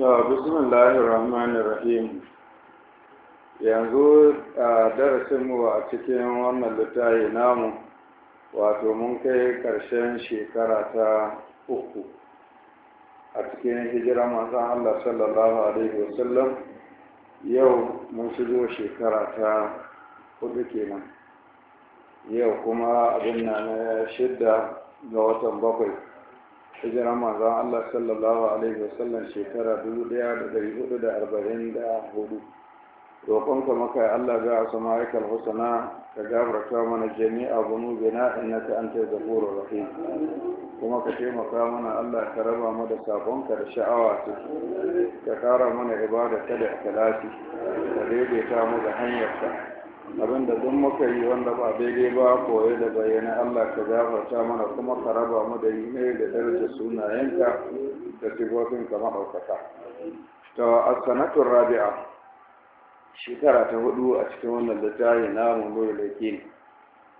To, bismillahir rahmanir rahim. Yanzu a darasinmu a cikin wannan littafi namu, wato mun kai ƙarshen shekara ta uku a cikin hijira manzon Allah sallallahu alaihi wasallam yau mun shigo shekara ta hudu kenan. Yau kuma abin na shidda ga watan bakwai. hijiran mazan Allah sallallahu alaihi wasallam shekara 1444 roƙonka maka Allah ga asama aikal husana ka gafarta mana jami'a na innaka antal ghafurur rahim kuma ka taimaka mana Allah ka raba mu da sabonka da sha'awa ta ka kara mana ibada ta da ikhlasi ka daidaita mu da hanyarka abin da duk muka yi wanda ba daidai ba koyi da bayyana Allah ka gafarta mana kuma ka raba mu da yi ne da daraja sunayenka da sigofin ka maɗaukaka to a sanatun rabi'a shekara ta hudu a cikin wannan littafi na mulu da ke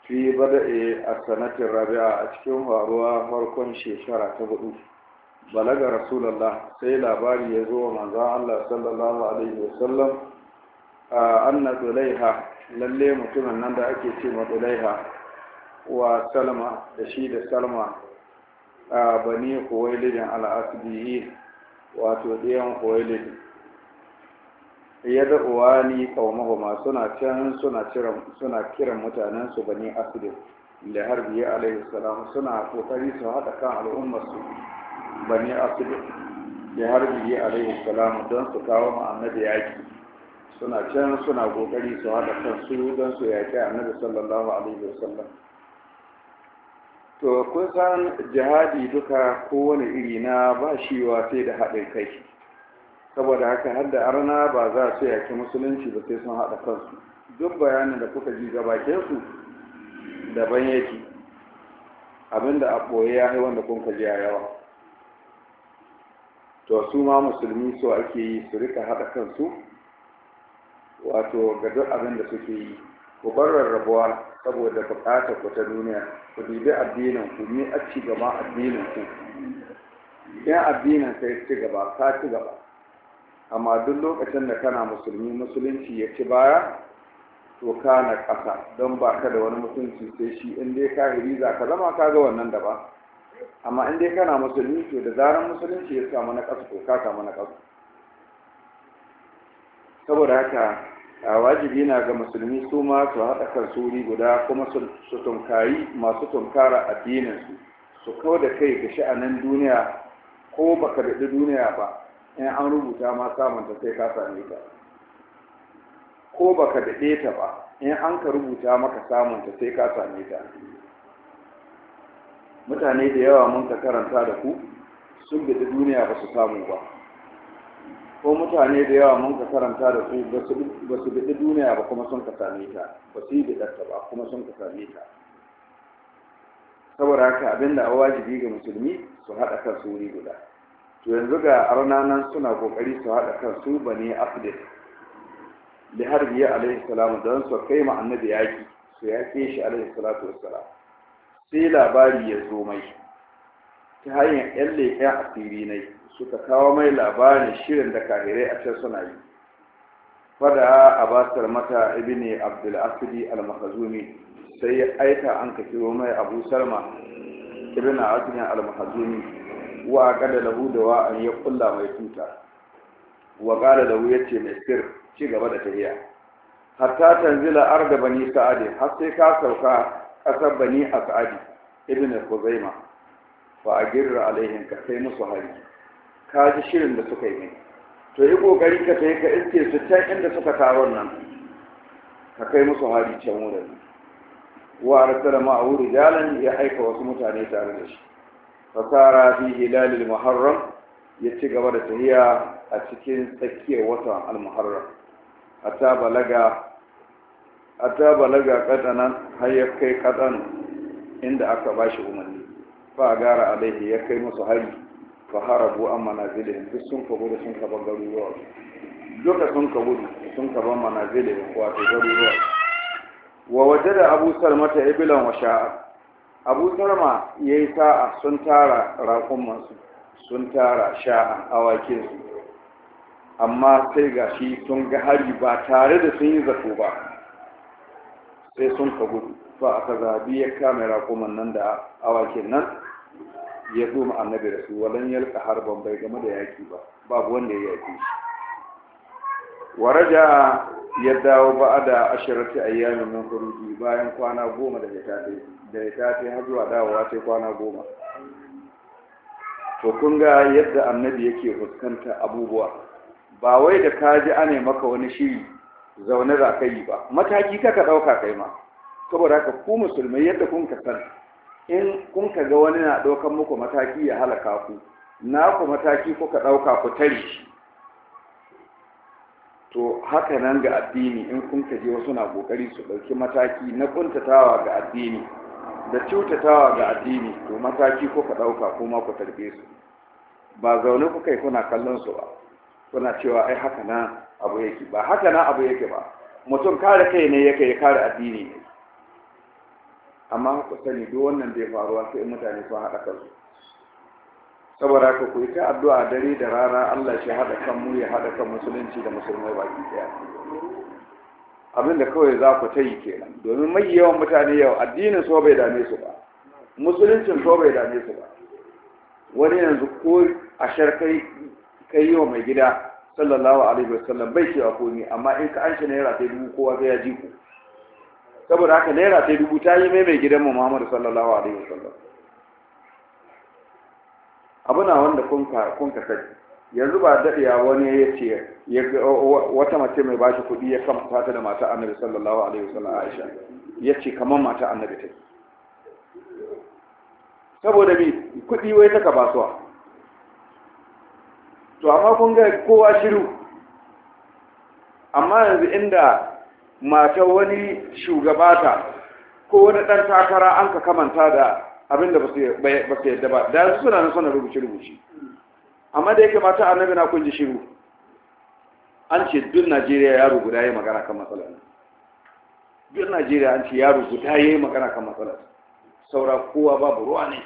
fi bada'i a sanatun rabi'a a cikin faruwa farkon shekara ta hudu balaga rasulallah sai labari ya zo manzon Allah sallallahu alaihi wasallam anna zulaiha lalle mutumin nan da ake ce matsulaiha wa salma da shi da salma a bani huwailidin al'asibiyi wato ɗiyan huwailidin ya da uwani kawamahuma suna can suna kiran mutanensu bani asibin da harbi alaihi salam suna kokari su haɗa kan al'ummarsu bani asibin da harbi alaihi salam don su kawo annabi yaƙi suna can suna kokari su haɗa kansu don su yaƙi annabi sallallahu alaihi wasallam to kun san jihadi duka kowane iri na ba wa sai da haɗin kai saboda haka har da arna ba za su yaƙi musulunci ba sai sun haɗa kansu duk bayanin da kuka ji su daban yake abinda a ɓoye ya yi wanda kun ji a yawa to su ma musulmi so ake yi su rika haɗa kansu wato ga duk abin da suke yi ku bar rarrabuwa saboda bukatar ku ta duniya ku dubi addinin ku ni a ci gaba addinin ku in addinin sai ci gaba ka ci gaba amma duk lokacin da kana musulmi musulunci ya ci baya to ka na ƙasa don ba ka da wani mutunci sai shi in dai kahiri za ka zama ka ga wannan da ba amma in dai kana musulmi to da zarar musulunci ya samu na ƙasa to ka samu na ƙasa saboda haka wajibi na ga musulmi su ma su haɗa kan suri guda kuma su tunkari masu tunkara addininsu su kawo da kai ga sha'anin duniya ko baka daɗi duniya ba in an rubuta ma samunta sai ka same ta ko baka daɗe ta ba in an ka rubuta maka samunta sai ka same ta mutane da yawa mun ka karanta da ku sun daɗi duniya ba su samu ba ko mutane da yawa mun ka karanta da su ba su biɗi duniya ba kuma sun ka same ta ba su yi biɗarta ba kuma sun ka same ta saboda haka abin da wajibi ga musulmi su haɗa kan su wuri guda to yanzu ga arnanan suna kokari su haɗa kan su bane da li harbiya alaihi salamu don su kai ma annabi yaki su yake shi alaihi salatu wassalam sai labari ya zo mai ta hanyar yan leƙen asiri ne suka kawo mai labarin shirin da kahirai a can suna yi fada a basar mata ibini asidi al-mahazumi sai ya aika an ka kiro mai abu salma ibn asidin al-mahazumi wa kada lahu da wa an ya kulla mai tuta wa kada lahu ya ce mai sir ci gaba da tafiya hatta tanzila arda bani sa'adi har sai ka sauka ƙasar bani a sa'adi ibn kuzaima fa a girra alaihin ka kai musu hari ka ji shirin da suka yi ne to yi kokari ka kai ka iske su can inda suka taron nan ka kai musu hari can wurin wa arsala ma'ahu rijalan ya aika wasu mutane tare da shi fasara fi al muharram ya ci gaba da tahiya a cikin tsakiyar watan al-muharram hatta balaga hatta balaga kadanan har ya kai kadan inda aka bashi umarni fa gara alaihi ya kai musu hari fa harabu an manazilin duk sun ka gudu sun ka ban garuruwa duka sun ka gudu sun ka ban manazilin wato garuruwa wa waje da abu salmata ibilan wa sha'a abu salma ya yi sa'a sun tara raƙumansu sun tara sha'a awakinsu amma sai ga shi sun ga hari ba tare da sun yi zato ba sai sun ka gudu ba a ka zabi ya kame raƙuman nan da awakin nan ya goma annabi da su walan yalka harban bai game da yaki ba babu wanda ya yaki shi waraja ya dawo ba da ashirati ayyamin min khuruji bayan kwana goma da ya da ya har zuwa dawowa sai kwana goma to kun ga yadda annabi yake fuskanta abubuwa ba wai da ka ji ane maka wani shiri zaune za ka yi ba mataki kaka ɗauka kai ma saboda haka ku musulmai yadda kun ka san in kun ka ga wani na ɗaukan muku mataki ya halaka ku na ku mataki kuka ɗauka ku tari. to haka nan ga addini in kun ka je wasu na ƙoƙari su ɗauki mataki na ƙuntatawa ga addini da cutatawa ga addini to mataki kuka ɗauka kuma ku tarbe su ba zaune kuka yi kuna kallon su ba kuna cewa ai haka nan abu yake ba haka nan abu yake ba mutum kare kai ne yake ya kare addini ne amma ku sani duk wannan bai faruwa sai mutane sun haɗa kansu saboda ka ku yi ta addu'a dare da rana Allah shi haɗa kan mu ya haɗa kan musulunci da musulmai baki ɗaya abin da kawai za ku ta yi kenan domin mai yawan mutane yau addinin so bai dame su ba musuluncin so bai dame su ba wani yanzu ko ashar kai kai yi wa mai gida sallallahu alaihi wasallam bai cewa komi amma in ka an shi naira sai dubu kowa sai ya ji ku saboda haka naira sai dubu ta yi mai mai gidan Muhammadu sallallahu alaihi wasallam abu na wanda kun ka sai yanzu ba daɗewa wani ya ce wata mace mai bashi kuɗi ya kan fata da mata annabi sallallahu alaihi wasallam Aisha ya ce kamar mata annabi ta saboda bi kuɗi wai taka basuwa to amma kun ga kowa shiru amma yanzu inda Mata wani shugaba ta ko wani ɗan takara an ka kamanta da abinda ba su yadda ba da su suna nan suna rubuce-rubuce amma da yake mata annabi na kun ji shiru an ce duk najeriya yaro guda ya magana kan matsala duk najeriya an ce yaro guda ya magana kan matsala saura kowa babu ruwa ne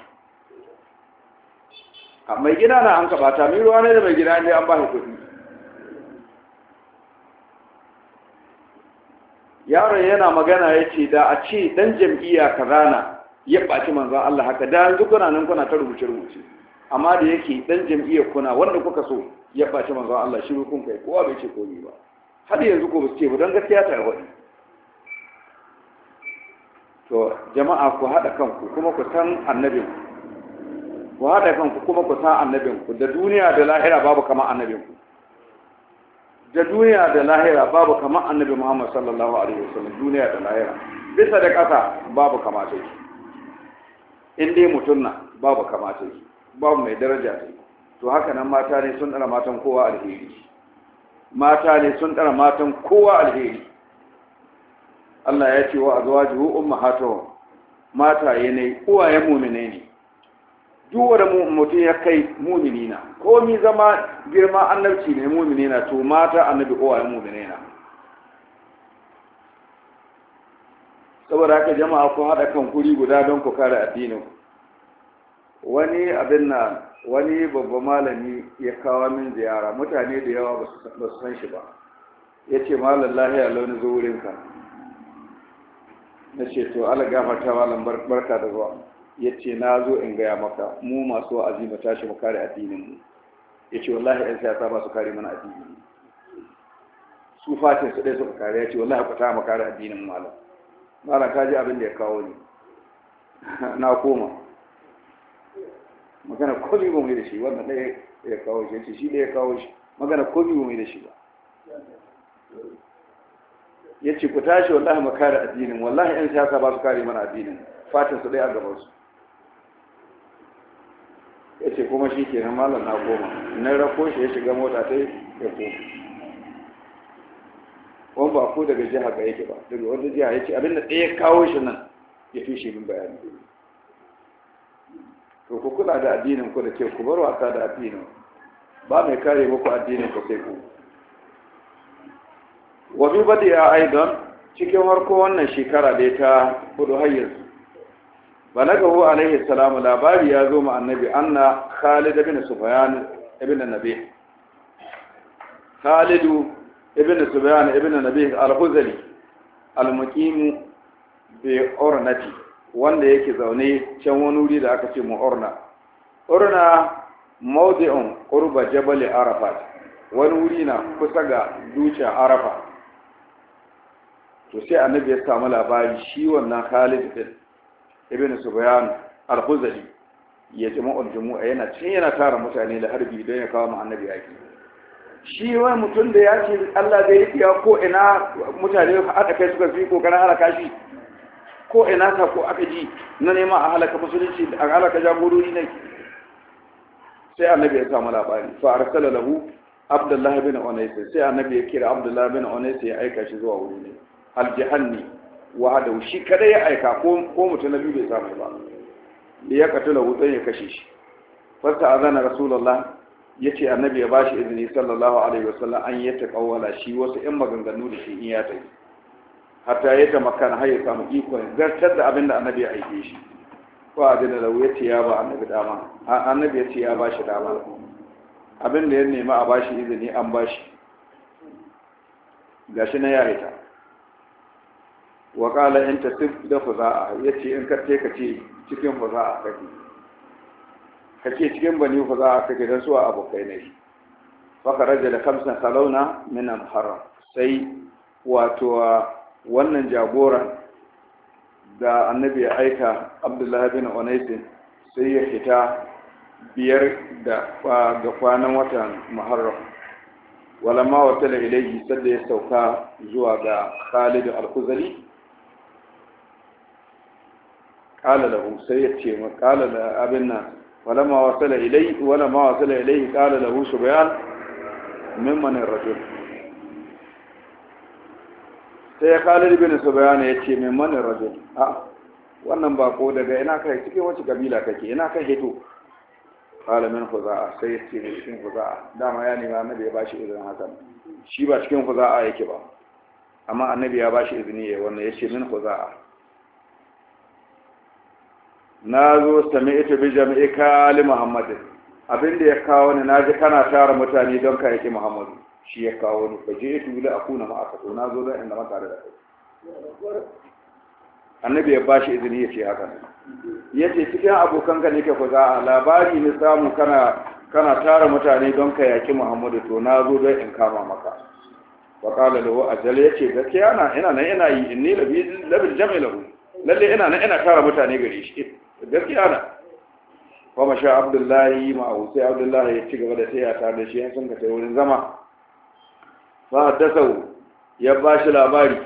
mai gida na an bata mai ruwa ne da mai gida ne an ba shi kuɗi yaron yana magana ya ce da a ce dan jam'iyya rana ya ɓaci manzan Allah haka da yanzu kuna nan kuna ta rubuce rubuce amma da yake dan jam'iyya kuna wanda kuka so ya ɓaci manzan Allah shi kun kai kowa bai ce komi ba har yanzu ko ba ce ba don gaskiya ta yi to jama'a ku haɗa kanku kuma ku san annabin ku haɗa kanku kuma ku san annabin ku da duniya da lahira babu kama annabin ku da duniya da lahira babu kamar annabi muhammad sallallahu alaihi wasallam duniya da lahira bisa da ƙasa babu kamata shi in dai mutum na babu kamata shi babu mai daraja ta to haka nan mata ne sun dara matan kowa alheri mata ne sun dara matan kowa alheri Allah ya ce wa azwajuhu ummahatuhum mata ne uwaye mu'minai ne duk wanda mutum ya kai mumini Ko mi zama girma annabci ne mumini na to mata annabi kowa ya mumini na saboda haka jama'a ku haɗa kan kuri guda don ku kare addinin wani abin na wani babban malami ya kawo min ziyara mutane da yawa ba su san shi ba ya ce malam launi zo na ce to ala gafarta malam barka da zuwa ya ce na zo in gaya maka mu masu azima tashi mu kare addinin mu ya ce wallahi yan siyasa ba su kare mana mu su fatin su ɗaya suka kare ya ce wallahi ku ta mu kare addinin malam malam ka ji abin da ya kawo ni na koma magana ko ba mu da shi wannan ɗaya ya kawo shi ya ce shi ɗaya ya kawo shi magana ko ba mu da shi ba ya ce ku tashi wallahi mu kare addinin wallahi yan siyasa ba su kare mana addinin fatin su ɗaya a gabansu ya ce kuma shi ke malar na koma na rako shi ya shiga mota ta ya koma wani ba ku daga jiha ga yake ba daga wanda jiha ya ce abinda ɗaya kawo shi nan ya tushe min bayani to ku kula da addinin ku da ke ku bar wasa da addinin ba mai kare muku addinin ku sai ku wa bi badi'a aidan cikin harko wannan shekara da ta hudu har yanzu balagahu alaihi salamu labari ya zo ma annabi anna khalid ibn sufyan ibn nabi khalid ibn sufyan ibn nabi al-huzali al-muqim bi ornati wanda yake zaune can wani wuri da aka ce mu orna orna mawdi'un qurba jabal arafat wani wuri na kusa ga dutsen arafa to sai annabi ya samu labari shi wannan khalid din ibn subyan al-huzali ya jama'ul jumu'a yana cin yana tara mutane da harbi don ya kawo mu annabi yaki shi wani mutum da ya ce Allah zai yi ya ko ina mutane aka kai suka fi kokarin halaka shi ko ina ka ko aka ji na neman a halaka musulunci a halaka jagorori ne sai annabi ya samu labari fa arsala lahu abdullahi bin unais sai annabi ya kira abdullahi bin unais ya aika shi zuwa wuri ne al jahanni wahada shi kada ya aika ko mutum na biyu bai samu ba da ya katula hutun ya kashe shi a azana rasulullah ya ce annabi ya bashi izini sallallahu alaihi wasallam an yi ta kawala shi wasu yan maganganu da shi in ya tafi hatta ya ta makana har ya samu ikon zartar da abin da annabi ya aike shi ko adina lau ya ce ya ba annabi dama annabi ya ce ya bashi dama abin da ya nema a bashi izini an bashi gashi na ya hita wa kala in tasib da fuza'a yace in ka ce ka cikin fuza'a kake cikin bani fuza'a kake dan su a abokai ne fa kharaja da kamsa salawna min al-haram sai wato wannan jagoran da annabi ya aika abdullahi bin onaisin sai ya fita biyar da ga kwanan watan muharram ma wata da ilahi ya sauka zuwa ga Khalid al khuzali qala lahu sai ya ce ma qala la abin nan walamma wasala ilai walamma wasala ilai qala lahu subyan mimman ar-rajul sai ya kala su subyan ya ce min ar-rajul a wannan ba ko daga ina kai cikin wace kabila kake ina kai heto. qala min khuza'a sai ya ce cikin khuza'a dama ya nemi annabi ya shi irin hakan shi ba cikin khuza'a yake ba amma annabi ya shi izini ya wannan ya ce min khuza'a na zo sami ita bi jami'i Kali muhammadin abin da ya kawo ni na ji kana tara mutane don ka yake muhammadu shi ya kawo ni ba je ita a kuna ma aka na zo don inda maka da kai annabi ya bashi izini ya ce haka ya ce cikin ka ne ke a labari ne samu kana kana tara mutane don ka yake muhammadu to na zo don in kama maka wa kala lahu ajal ya ce gaskiya na ina nan ina yi inni labi Labin jam'i lahu lalle ina nan ina tara mutane gare shi gaskiya na kuma sha abdullahi ma'ahu sai abdullahi ya ci gaba da ya tare da shi yan sun ka wurin zama fa sau ya ba shi labari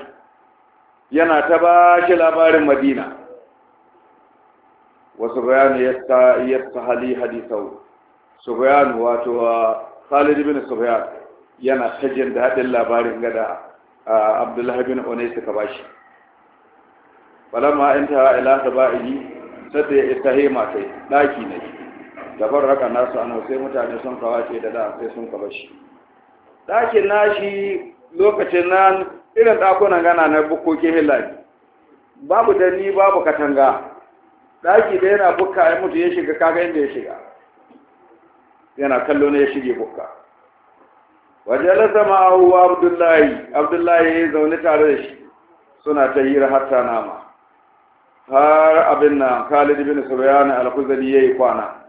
yana ta ba shi labarin madina wasu bayanu ya hali hadisau su bayanu wato uh, khalid bin sufyan yana ta jin daɗin labarin gada uh, abdullahi bin onai suka ba shi balamma in ta ila ta Sai ya isa hema sai daki ne da farraka nasu an sai mutane sun kawace da da sai sun kaba shi ɗakin nashi lokacin nan irin ɗakunan gana na bukokin hillabi babu dani babu katanga ɗaki da yana bukka ya mutu ya shiga kaga inda ya shiga yana kallo ne ya shige bukka wajen zama abubuwa abdullahi abdullahi ya zaune tare da shi suna ta hira hatta nama har abin nan Khalid bin Subyan al-Khuzali yayi kwana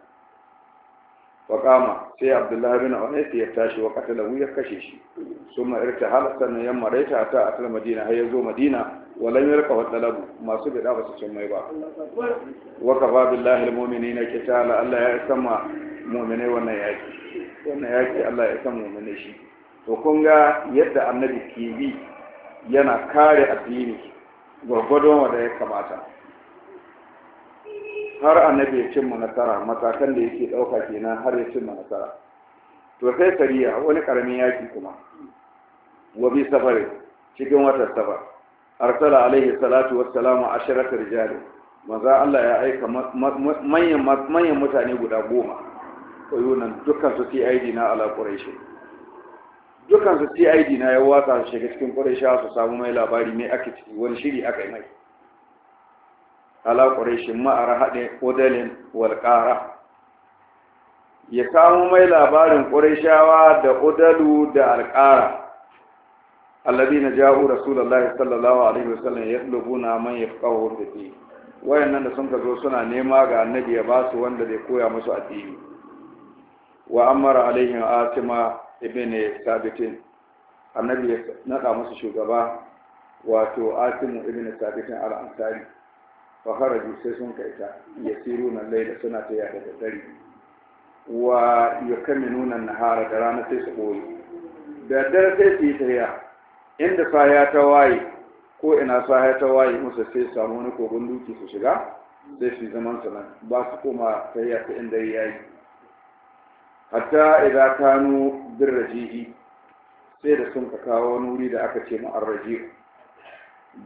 wa kama sai Abdullah bin Unais ya tashi wa katala ya kashe shi irta halasan sannan yamma maraita ta atal Madina har yazo Madina walam yarka wa talabu masu bida ba su cin mai ba wa kafa billahi al-mu'minina kitala Allah ya sama mu'mine wannan yaki wannan yaki Allah ya sama mu'mine shi to kun ga yadda annabi ke bi yana kare addini gwargwadon wanda ya kamata har annabi ya cimma nasara matakan da yake ɗauka kenan har ya cimma nasara to sai sariya wani ƙaramin yaƙi kuma wa bi safari cikin wata safar arsala alaihi salatu wassalamu asharata rijali maza Allah ya aika manyan manyan mutane guda goma koyunan dukkan su CID na ala quraish dukkan su CID na ya watsa shiga cikin quraish su samu mai labari mai ake ciki wani shiri aka yi mai ala ƙurashin ma'ar haɗe ƙudalin walƙara ya kawo mai labarin ƙurashawa da odalu da alƙara allazi na jawo rasulallah sallallahu alaihi wasallam ya lubuna man ya kawo da ke wayannan da sun ka zo suna nema ga annabi ya ba su wanda zai koya musu addini wa amara alaihim atima ibn sabitin annabi ya naɗa musu shugaba wato atimu ibn sabitin al-ansari fa kharaju sai sun kai ta yasiruna layla suna ta ya da dare wa yakaminuna nahara da rana sai su boye da dare sai su yi tahiya inda saya ta waye ko ina saya ta waye musu sai samu wani kogon duki su shiga sai su zaman su nan ba su koma tahiya ta inda yi hatta idan kanu birrajihi sai da sun ka kawo wani wuri da aka ce mu arrajihu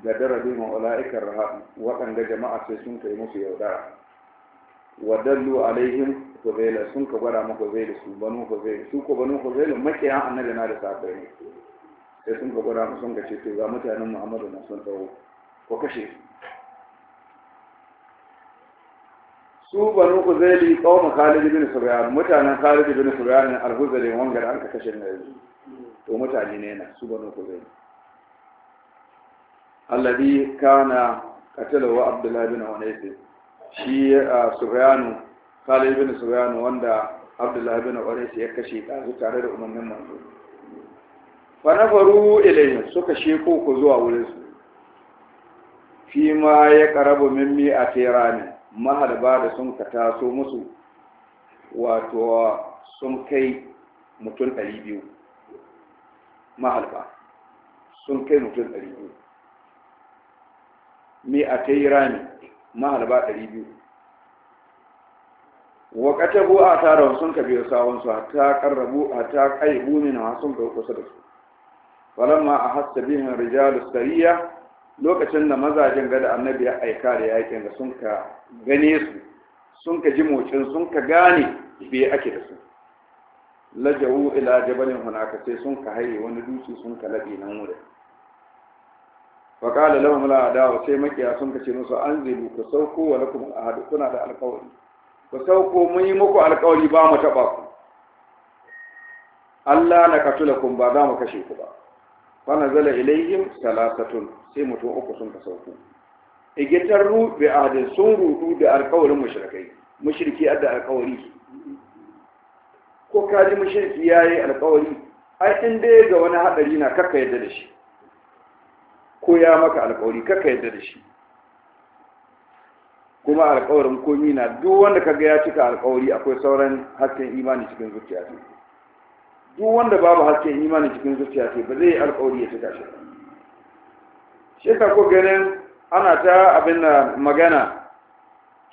ga darabi ma'ula'ikar rahab waɗanda jama'a sai sun kai musu yaudara wa dallu alaihim huzaila sun ka gwada mu huzaila su banu huzaila su ko banu huzaila makiyan annabi na da sahabbai ne sai sun ka gwada mu sun ka ce to ga mutanen muhammadu na sun tsawo ko kashe su banu huzaili qaumu khalid bin suryan mutanen khalid bin suryan al-huzali wanga da aka kashe ne to mutane ne na su banu huzaili alladhi kana qatalahu abdullah bin unais shi sufyanu khalid bin sufyan wanda abdullah bin unais ya kashe ɗazu tare da umarnin manzo fa nafaru ilayhi suka sheko ku zuwa wurin su fi ma ya karabu min mi a terani mahalba da sun ka taso musu wato sun kai mutum ɗari mahalba sun kai mutum ɗari biyu mai a ta yi rami alba ɗari biyu wa a tara sun ka biyo sawansu hatta karrabu ta kai min sun ka kusa da su falamma a hasta bihin rijalu sariya lokacin da mazajen gada annabi ya aika da yakin da sun ka gane su sun ka ji mocin sun ka gane be ake da su lajawu ila jabalin hunaka sai sun ka haye wani dutse sun ka labe nan wurin faƙala lahum a adawa sai makiya sun kace musu anzilu ku sauko wa lakum ahadu kuna da alƙawari ku sauko mun yi muku alƙawari ba mu taɓa ku Allah na katulakum ba za mu kashe ku ba fa nazala ilayhim salasatun sai mutum uku sun ka sauko igitar ru bi ahdin sun rudu da alƙawarin mushrikai mushriki adda alƙawari ko kaji mushriki yayi alƙawari ai in dai ga wani hadari na kaka yadda da shi ko ya maka alƙawari kaka yadda da shi kuma alƙawarin komi na duk wanda kaga ya cika alƙawari akwai sauran hasken imani cikin zuciya ce duk wanda babu hasken imani cikin zuciya ce ba zai yi alƙawari ya cika shi shi ka ko ganin ana ta abin da magana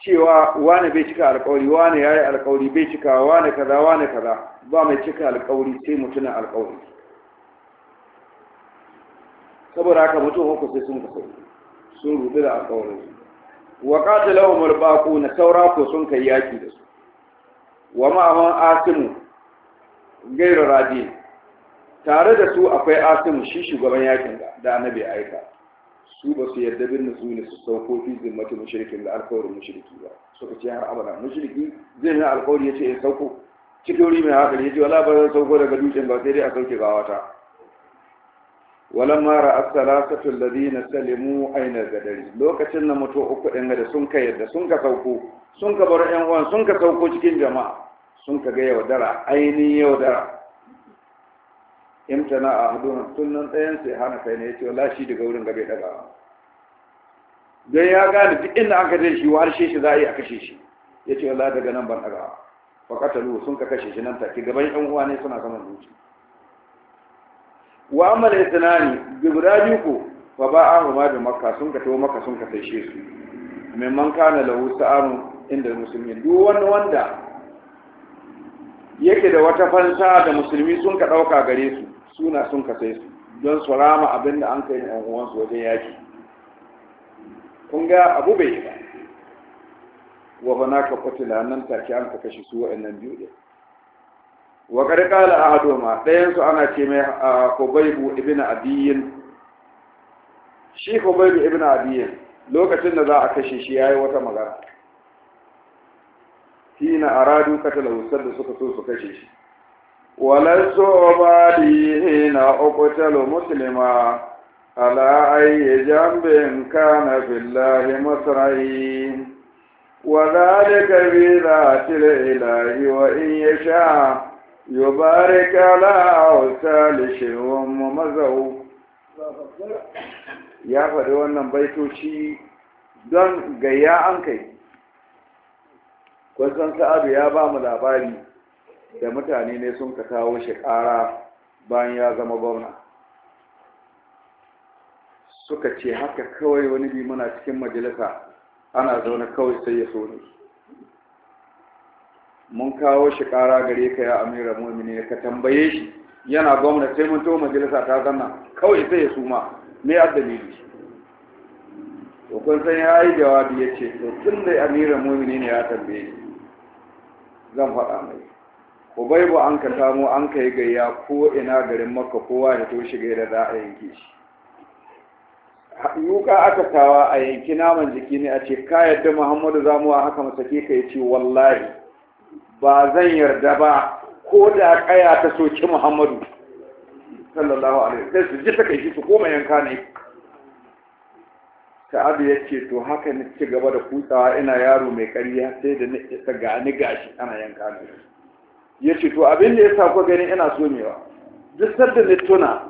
cewa wane bai cika alƙawari wane ya yi alƙawari bai cika wane kaza wane kaza ba mai cika alƙawari sai mutumin alƙawari saboda haka mutum uku sai sun kasai sun rubu da alƙawarin su wa qatalahum al na saura ko sun kai yaki da su wa ma'aman asimu gairu radi tare da su akwai asimu shi shugaban yakin da annabi aika su ba su yarda bin su ne su sauko fi zimmatu mushrikin da alƙawarin mushriki ba suka ce har abada mushriki zai na alkawari ya ce ya sauko cikin wuri mai haɗari ya ce wala ba zan sauko daga dutsen ba sai dai a sauke gawata walamma ra'a salasatu alladhina salimu aina gadari lokacin da mutu uku din da sun ka yadda sun ka sauko sun ka bar yan uwan sun ka sauko cikin jama'a sun ka ga yaudara ainihin yaudara imtana a hudun sunan ɗayan sai hana kai ne yace wallahi shi daga wurin gabe daga dan ya gane duk inda aka je shi warshe shi za a yi a kashe shi yace wallahi daga nan ban daga fa katalu sun ka kashe shi nan take gaban yan uwa ne suna saman dukiya wa amal ithnani guda ko fa a ma da makka sun ka to makka sun ka sai su memman kana lahu sa'arun inda musulmi duk wani wanda yake da wata fanta da musulmi sun ka dauka gare su suna sun ka sai su don su rama abin da an kai yan uwansu wajen yaki kun ga abu bai ba wa ka qutila nan take an ka kashe su wa'annan biyu wa karkala ahaduma ɗayan su ana ce mai Hubaybu ibn Abiyin shi Hubaybu ibn Abiyin lokacin da za a kashe shi yayi wata magana hina aradu katala usar da suka so su kashe shi walar sobadi hina uqtalu muslima ala ayyi jambin kana billahi masrai وذلك wa الإله وإن يشاء yubarik ala awsal ya faɗi wannan baitoci don gayya an kai kwasan sa'adu ya ba mu labari da mutane ne sun ka kawo shi ƙara bayan ya zama gwamna suka ce haka kawai wani bi muna cikin majalisa ana zaune kawai sai ya so ne mun kawo shi ƙara gare ka ya amira mu'mini ka tambaye shi yana gwamna sai mun to majalisa ta zanna kawai sai ya suma me ya dalili to kun san ya yi jawabi ya ce to tun da amira mu'mini ne ya tambaye shi zan faɗa mai ko bai bu an ka samu an kai gayya ko ina garin makka kowa ya to shiga da za a yanke shi yuka aka tawa a yanki naman jiki ne a ce ka yadda muhammadu zamuwa haka masake ka yi ce wallahi ba zan yarda ba ko da kaya ta soki muhammadu sallallahu alaihi wasallam su ji saka shi su koma yanka ne sa'adu ya ce to haka ni ci gaba da kutsawa ina yaro mai ƙarya sai da na isa ga ni gashi ana yanka ne ya ce to abin da ya sa gani ina somewa duk sadda na tuna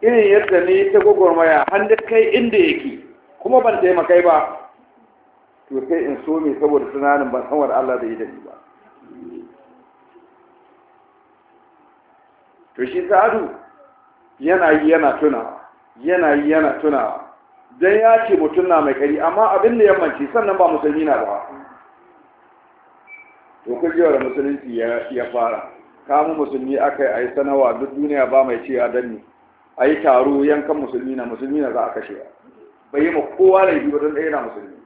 irin yadda ne ta gwagwarmaya har da kai inda yake kuma ban taimakai ba to sai in so me saboda tunanin ban san Allah da yi da ni ba to shi sa'adu yana yi yana tunawa yana yi yana tunawa dan ya ce mutum na mai kari amma abin da yammanci sannan ba musulmi na ba to kujewar musulunci ya fara kamun musulmi aka yi a sanawa duk duniya ba mai ce a ni, a yi taro yankan musulmi na musulmi na za a kashe bai yi ma kowa da yi don ɗaya musulmi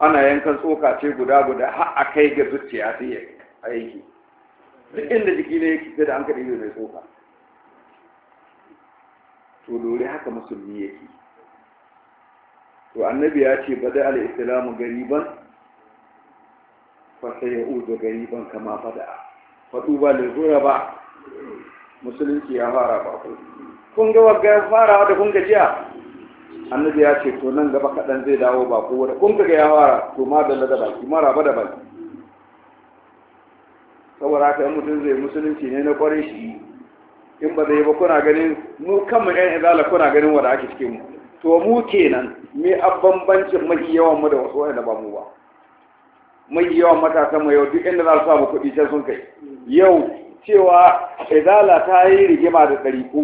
ana yankan tsoka ce guda guda har a kai ga zuciya sai a yanki duk inda jiki ne yake sai da an kaɗe mai tsoka to dole haka musulmi yake to annabi ya ce bada al'islamu gariban fasa sai ya uzo gariban kama fada faɗu ba zura ba musulunci ya fara ba kun ga wagga fara da kun jiya? annabi ya ce to nan gaba kaɗan zai dawo ba ku wata kun ga ya fara to ma da baki mara ba da baki saboda haka yan mutum zai musulunci ne na kwarai shi in ba zai ba kuna ganin mu kanmu yan izala kuna ganin wanda ake cikin mu to mu kenan me a bambancin mai yawan mu da wasu wanda ba mu ba mai yawan matasan mu yau duk inda za su samu kuɗi can sun kai yau cewa izala ta yi rigima da ɗariƙu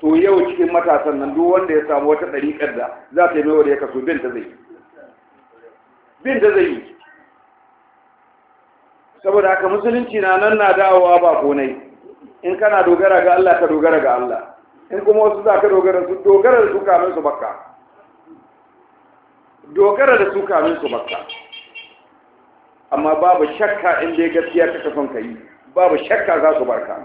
to yau cikin matasan nan duk wanda ya samu wata ɗariƙar da za ta yi mai wanda ya kaso bin ta zai bin zai saboda haka musulunci na nan na dawowa ba konai in kana dogara ga Allah ka dogara ga Allah in kuma wasu za ka dogara su dogara da su kamin su bakka dogara da su kamin su bakka amma babu shakka in dai gaskiya ka son ka yi babu shakka za su barka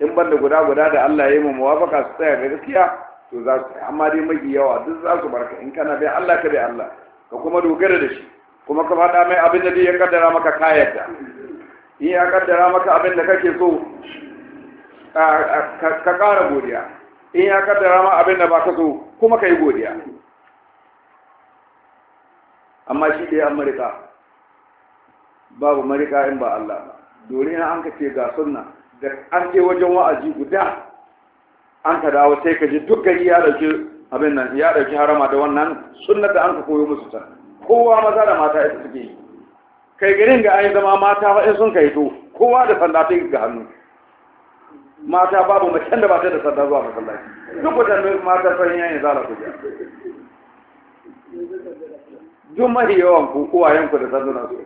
in banda guda guda da Allah ya yi mu muwafaka su tsaya ga gaskiya to za su amma dai mafi yawa duk za su barka in kana bai Allah ka bai Allah ka kuma dogara da shi kuma ka faɗa mai abin da ya kaddara maka ka da. in ya kaddara maka abin da kake so ka ƙara godiya in ya kaddara ma abin da ba ka so kuma ka yi godiya amma shi ɗaya an marika babu marika in ba Allah ba dole na an ka ce ga sunna da an ce wajen wa'azi guda an ka dawo sai ka ji duk gari ya ɗauki abin nan ya ɗauki harama da wannan sunna da an ka koyo musu ta kowa maza da mata ita suke yi kai garin ga ayin zama mata ba in sun kai to kowa da sanda ta yi ga hannu mata babu macen da ba ta da sanda zuwa masallaci duk wajen mata sun yayin zala ku ja duk mahi yawan ku uwayen ku da sandunan su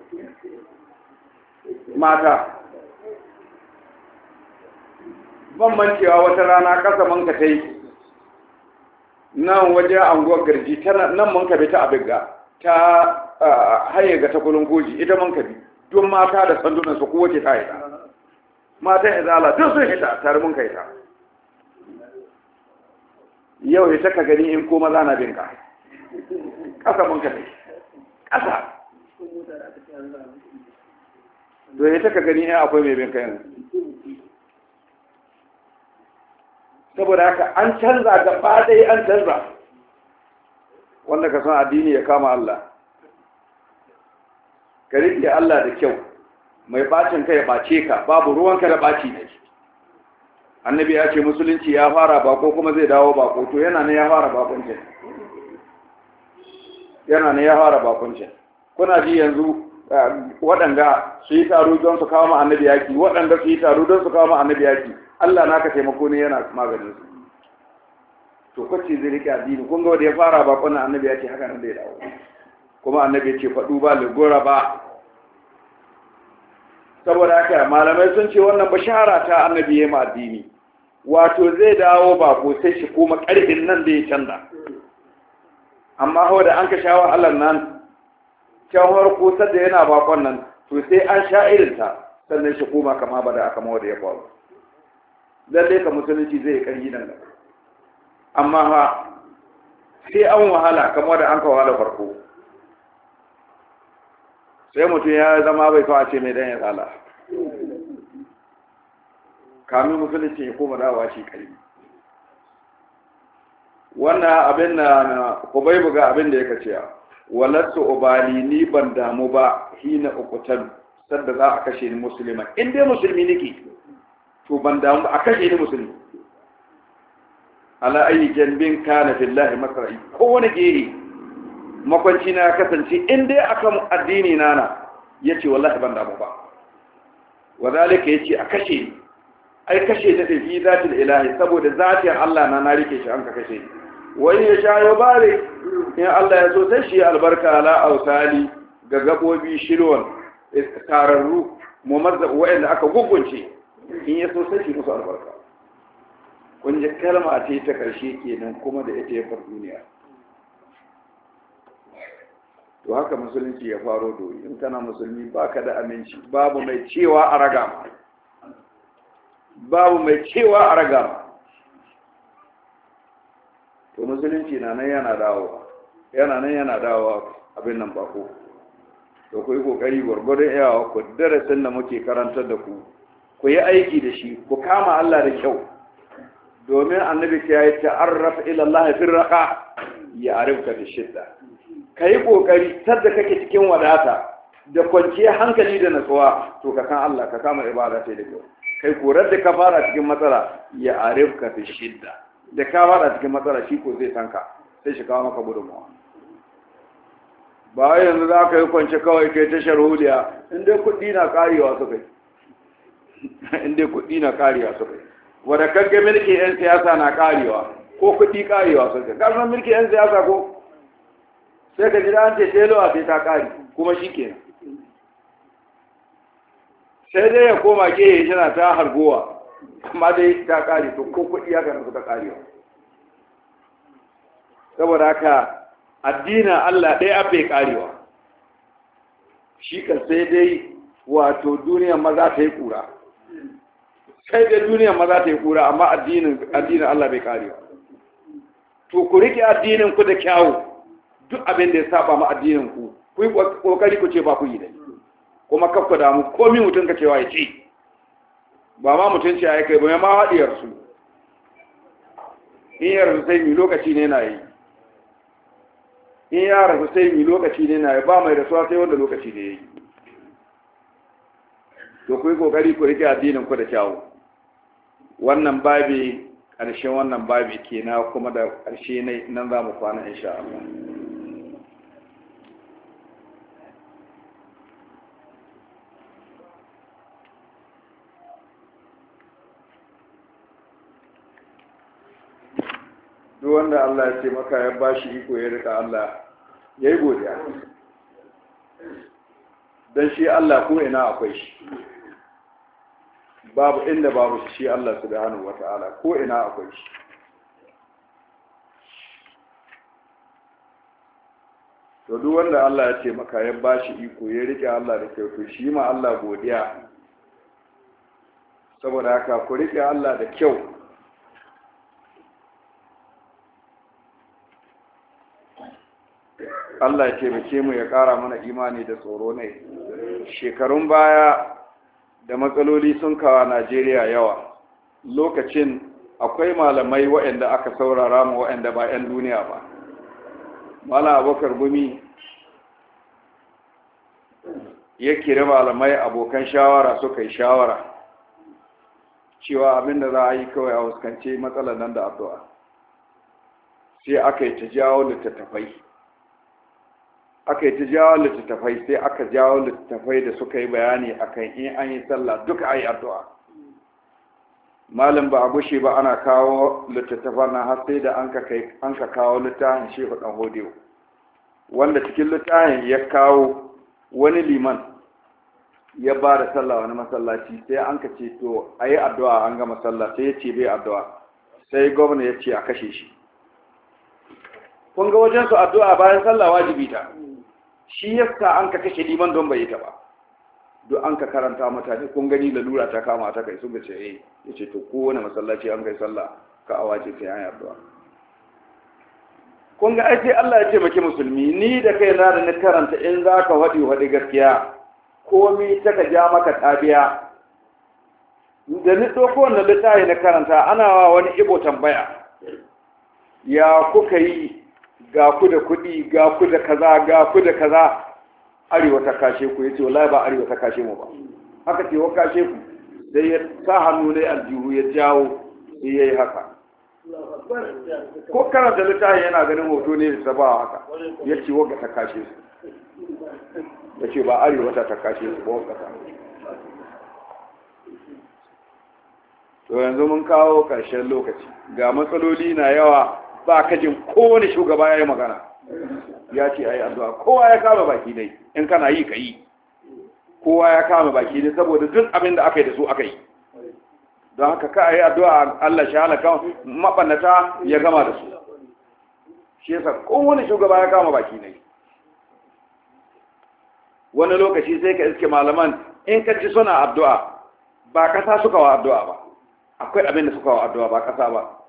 mata ban mancewa wata rana kasa manka ta yi nan waje anguwar garji nan manka bai ta abin ta haye ga takulun goji ita man kabi don mata da sandunan su kowace ta haita mata zala duk sun hita tare mun kai ta yau ita ka gani in ko maza na ka. ƙasa mun kabi ƙasa don ita ka gani in akwai mai ka yanzu saboda haka an canza gaba ɗaya an canza wanda ka san addini ya kama Allah ka rike Allah da kyau mai bacin ka ya bace ka babu ruwanka da baci ne annabi ya ce musulunci ya fara bako kuma zai dawo bako to yana ne ya fara bakuncin yana ne ya fara bakuncin kuna ji yanzu eh, waɗanda su yi taro don su kawo ma annabi yaki waɗanda su yi taro don su kawo ma annabi yaki Allah naka taimako ne yana maganin su to kwace zai rike addini kun ga wanda ya fara ba kwanan annabi ya ce haka nan ya dawo kuma annabi ya ce faɗu ba lagora ba saboda haka malamai sun ce wannan bashara ta annabi ya addini wato zai dawo ba ko sai shi kuma ƙarfin nan da ya canza amma hau da an ka sha wahalar nan can farko sadda yana bakon nan to sai an sha irinta sannan shi koma kama ba da aka mawa da ya faru lallai ka musulunci zai ƙarfi nan da. amma ha sai an wahala kamar da an ka wahala farko sai mutum ya zama bai kawo ce mai dan ya tsala kamin musulunci ya koma dawa shi kari wannan abin na kubai buga abin da ya kace walattu ubali ni ban damu ba hina ukutan sadda za a kashe ni musulma in dai musulmi nake to ban damu a kashe ni musulmi ala ayi janbin kana billahi masra'i ko wani gehe makwanci na kasance in dai akan addini na na yace wallahi ban damu ba wadalika yace a kashe ai kashe ta fi zatil ilahi saboda zatin Allah na na rike shi an ka kashe wani ya sha ya bare in Allah ya so sai shi albarka ala autali ga gabobi shirwan tararru mu mazza wa'anda aka gugunce in ya so sai shi musu albarka kun kalma ta yi ta ƙarshe kenan kuma da ita ya far duniya to haka musulunci ya faro dori in kana musulmi baka da aminci babu mai cewa a raga ma babu mai cewa a raga ma to musulunci na nan yana dawo yana nan yana dawo abin nan bako to ku yi kokari gwargwadon yawa ku darasin da muke karantar da ku ku yi aiki da shi ku kama Allah da kyau domin annabi ta yi ta'arraf ila Allah fi raqa ya arifka fi shidda kai kokari sadda kake cikin wadata da kwanciyar hankali da natsuwa to ka kan Allah ka kama ibada sai da kyau kai korar da ka fara cikin matsala ya arifka fi shidda da ka fara cikin matsala shi ko zai tanka sai shi kawo maka gudunmawa ba yanzu za ka yi kwanci kawai kai ta sharholiya inda kuɗi na karewa su kai inda kuɗi na karewa su kai wadakagge mulki 'yan siyasa na karewa ko kuɗi karewa sun ka san mulki 'yan siyasa ko sai ka jira an ce telowa sai ta kare kuma shi ke. sai dai ya koma ke ya na ta hargowa amma dai ta kare to ko kuɗi ya na suka karewa saboda haka addinin Allah ɗaya bai karewa shi kan sai dai wato duniyar maza ta yi kura kai da duniya ma za ta yi kura amma addinin Allah bai kare ba to ku rike addinin ku da kyawu duk abin da ya saba ma addinin ku ku yi kokari ku ce ba ku yi dai. kuma kafka damu komi mutum ka cewa ya ci ba ma mutum ce ya kai ba ma haɗiyar su in ya rasu sai mi lokaci ne na yi in ya rasu sai mi lokaci ne na yi ba mai rasuwa sai wanda lokaci ne ya yi to ku yi kokari ku rike addinin ku da kyawu wannan babi ƙarshen wannan babi kenan kuma da ƙarshe nan za mu kwana insha Allah duk wanda Allah ya ce taimaka ya bashi iko ya rika Allah ya yi godiya don shi Allah ko ina akwai shi babu inda babu shi Allah subhanahu wata'ala ko ina akwai shi to duk wanda Allah ya ce maka ya bashi iko ya rike Allah da kyau to shi ma Allah godiya saboda haka ku rike Allah da kyau Allah ya taimake mu ya kara mana imani da tsoro ne shekarun baya da matsaloli sun kawa Najeriya yawa lokacin akwai malamai waɗanda aka saurara mu waɗanda ba 'yan duniya ba mala abokar gumi ya kira malamai abokan shawara suka yi shawara cewa abin da za a yi kawai a huskance matsalar nan da addu'a sai aka yi ta jawo littattafai aka yi ta jawo littattafai sai aka jawo littattafai da suka yi bayani akan in an yi sallah duka a yi addu'a malam ba a gushe ba ana kawo littattafan na har sai da an ka kawo littafin shehu dan hodewa wanda cikin littafin ya kawo wani liman ya ba da sallah wani masallaci sai an ka ce to a yi addu'a an gama sallah sai ya ce bai addu'a sai gwamna ya ce a kashe shi kun ga wajen su addu'a bayan sallah wajibi ta shi yasa an ka kashe liman don bai yi ta ba duk an ka karanta mata ne kun gani lalura ta kama ta kai suka ce eh yace to kowane masallaci an kai sallah ka awaje sai an yarda kun ga ai sai Allah ya taimake musulmi ni da kai na da ni karanta in za ka faɗi faɗi gaskiya komai ta ka ja maka tabiya da ni ɗauko wannan littafi na karanta ana wa wani ibo tambaya ya kuka yi ga ku da kuɗi ga ku da kaza ga ku da kaza arewa ta kashe ku yace wallahi ba arewa ta kashe mu ba haka ce wa kashe ku sai ya sa hannu ne aljihu ya jawo sai yayi haka ko karanta littafi yana ganin hoto ne da ba haka ya ce wagga ta kashe su ya ce ba arewa ta ta kashe su ba wagga ta to yanzu mun kawo ƙarshen lokaci ga matsaloli na yawa ba ka jin kowane shugaba ya yi magana ya ce a yi addu'a kowa ya kama baki dai in kana yi ka yi kowa ya kama baki dai saboda duk abin da aka yi da su aka yi don haka ka yi addu'a Allah shi halaka mabannata ya gama da su shi yasa kowane shugaba ya kama baki dai wani lokaci sai ka iske malaman in ka ci suna addu'a ba ƙasa suka wa addu'a ba akwai abin da suka wa addu'a ba ƙasa ba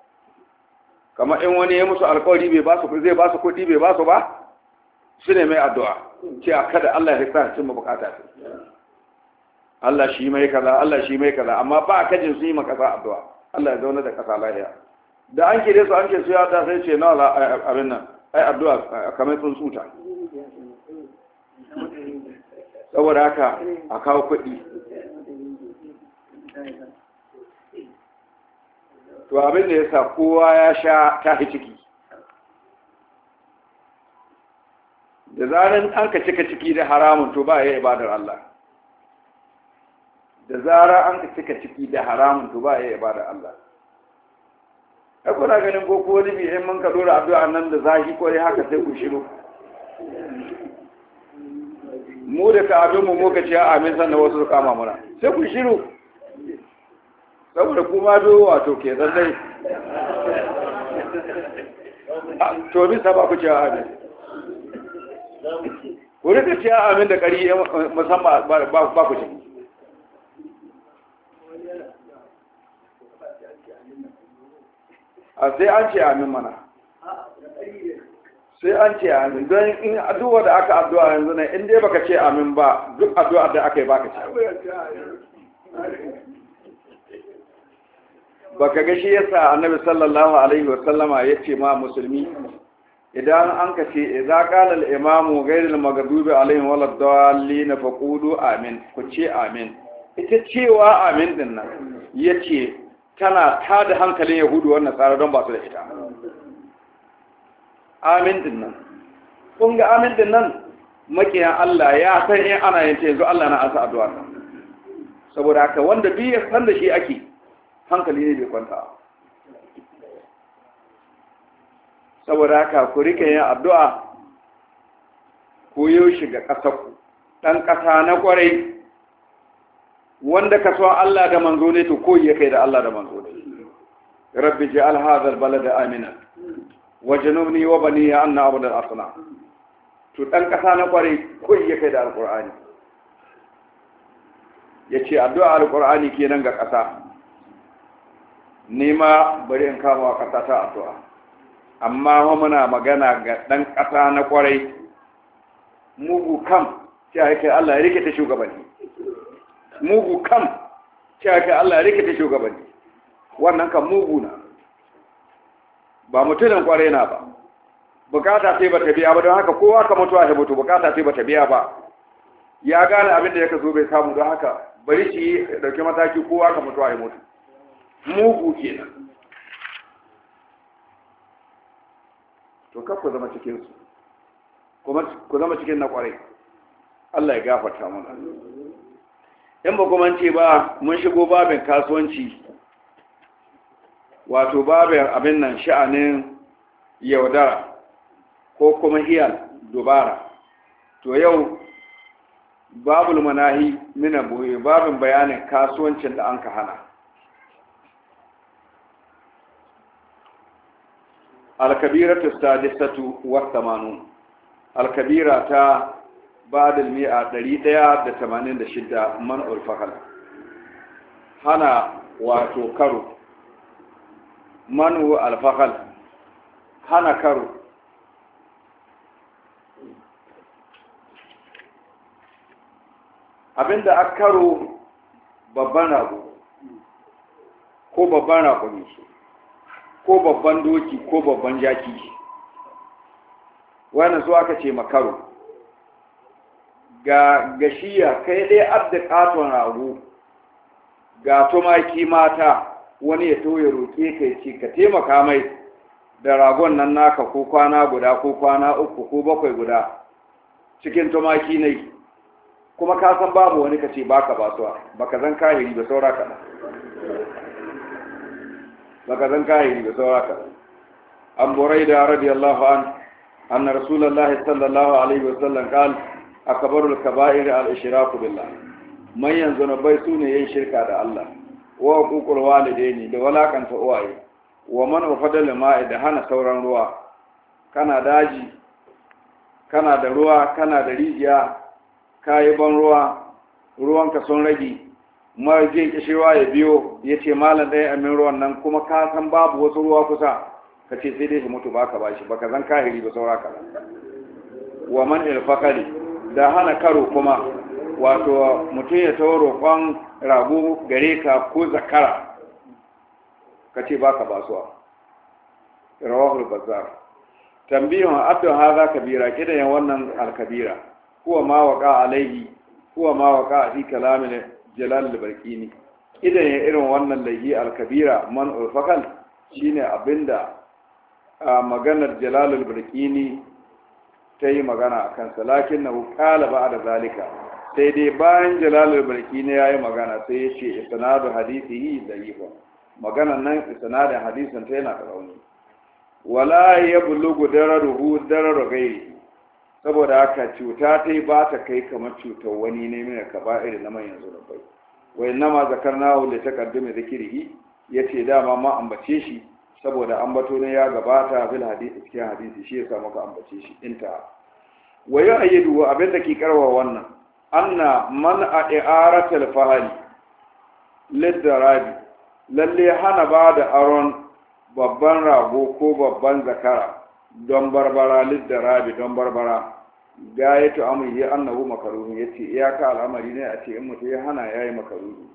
kamar in wani ya musu alkawari bai ba su zai ba su kuɗi bai ba su ba su ne mai addu'a cewa kada Allah ya sa cin bukata su Allah shi mai kaza Allah shi mai kaza amma ba kajin su yi ma kasa addu'a Allah ya zauna da kasa lahiya da an kire su an ce su ya ta sai ce na abin nan ai addu'a kamar sun tsuta saboda haka a kawo kuɗi to abin da ya sa kowa ya sha tahi ciki da zaran an ka cika ciki da haramun to ba ya ibadar Allah da zarar an ka cika ciki da haramun to ba ya ibadar Allah ya kuna ganin ko ko wani biyan man ka dora addu'a nan da zahi ko dai haka sai ku shiru mu da ka abin mu muka ce amin sannan wasu su kama mura sai ku shiru saboda kuma do wato ke zallai ah, to bisa ba ku cewa amin ku rika cewa amin da kari eh, musamman ba ku ce a ah, sai an ce amin mana sai an ce amin don in addu'a da aka addu'a yanzu ne in dai baka ce amin ba duk addu'a da aka yi baka ce baka ga shi yasa annabi sallallahu alaihi wa sallama yace ma musulmi idan an ka ce idza qala al imamu ghayr al maghdubi alaihim wal dallin fa qulu amin ku ce amin ita cewa amin din nan yace tana tada hankalin yahudu wannan tsara don ba su da ita amin din nan kun ga amin din nan makiyan Allah ya san in ana yin ta yanzu Allah na asa addu'a saboda haka wanda bi ya san da shi ake hankali ne bai kwanta saboda haka ku rike yin addu'a ku yaushe ga ƙasarku ɗan ƙasa na ƙwarai wanda ka so Allah da manzo ne to koyi ya kai da Allah da manzo ne rabbi ji alhazar balada amina wajenubni wa bani ya anna abu da asuna to ɗan ƙasa na ƙwarai koyi ya kai da alƙur'ani ya ce addu'a alƙur'ani kenan ga ƙasa nema bari in kama kasa ta addu'a amma wa muna magana ga ɗan ƙasa na ƙwarai mugu kam ce haka Allah ya ta shugabanni mugu kam ce haka Allah ya ta shugabanni wannan kan mugu na ba mutumin ƙwarai na ba bukata sai ba ta biya ba don haka kowa ka mutuwa ta mutu bukata sai ba ta biya ba ya gane abin da ya ka zo bai samu don haka bari shi ɗauki mataki kowa ka mutuwa ya mutu mugu kenan to kar ku zama cikin su kuma ku zama cikin na kwarai Allah ya gafarta mana in ba kuma ce ba mun shigo babin kasuwanci wato babin abin nan sha'anin yaudara ko kuma hiyal dubara to yau babul manahi mina boye babin bayanin kasuwancin da an ka hana alkabiratu sadisatu wa thamanun alkabira ta ba da mi'a ɗari ɗaya da da tamanin 186 man ulfahal hana wato karo manu alfahal hana karo abinda aka karo babban rago ko babban rago ne su ko babban doki ko babban jaki wannan su aka ce makaro ga gashiya kai dai abda katon rago ga tumaki mata wani ya toye roƙe ka ce ka taimaka mai da ragon nan naka ko kwana guda ko kwana uku ko bakwai guda cikin tumaki ne kuma ka san babu wani ka ce baka basuwa baka zan kahiri ba saura kaɗan baka zan kahiri da sauraka an borai da radiyallahu an anna rasulullahi sallallahu alaihi wasallam qal akbarul kaba'ir al-ishraku billah manyan zunubai sune yin shirka da Allah wa hukukul walidaini da ta uwaye wa man ufadala ma'i da hana sauran ruwa kana daji kana da ruwa kana da rijiya kayi ban ruwa ruwanka sun rage marjin kishewa ya biyo ya ce malam ɗaya amin ruwan nan kuma ka san babu wasu ruwa kusa ka ce sai dai shi mutu baka ba shi baka zan kahiri ba saura ka wa man ilfakari da hana karo kuma wato mutum ya tawo roƙon rago gare ka ko zakara ka ce baka basuwa rawahul bazar tambihun abdun haza kabira kidan wannan alkabira Kuwa ma waqa alaihi Kuwa ma waqa fi kalamin jalal al ne idan ya irin wannan laihi al-kabira man ulfakal shine abinda a maganar jalal al ta yi magana a salakin lakin na hukala ba da zalika sai dai bayan jalal al-barqini ya yi magana sai ya ce da hadisihi da'ifun maganar nan isnadin hadisin ta yana da rauni wala ya bulugu dararuhu dararu gairi saboda haka cuta ta yi ba ta kai kamar cutar wani ne mai kaba iri na manyan wai nama zakar na wule ta kaddame zikirihi ya ce dama ma ambace shi saboda ambato ne ya gabata bil hadisi cikin hadisi shi ya samu ka ambace shi inta wayo wa abin da ke karwa wannan anna man a i'aratul fahali lidarabi lalle hana ba da aron babban rago ko babban zakara don barbara lidda rabi don barbara gayatu amri ya annahu ya yace iyaka al'amari ne a ce in mutu ya hana yi makaruhi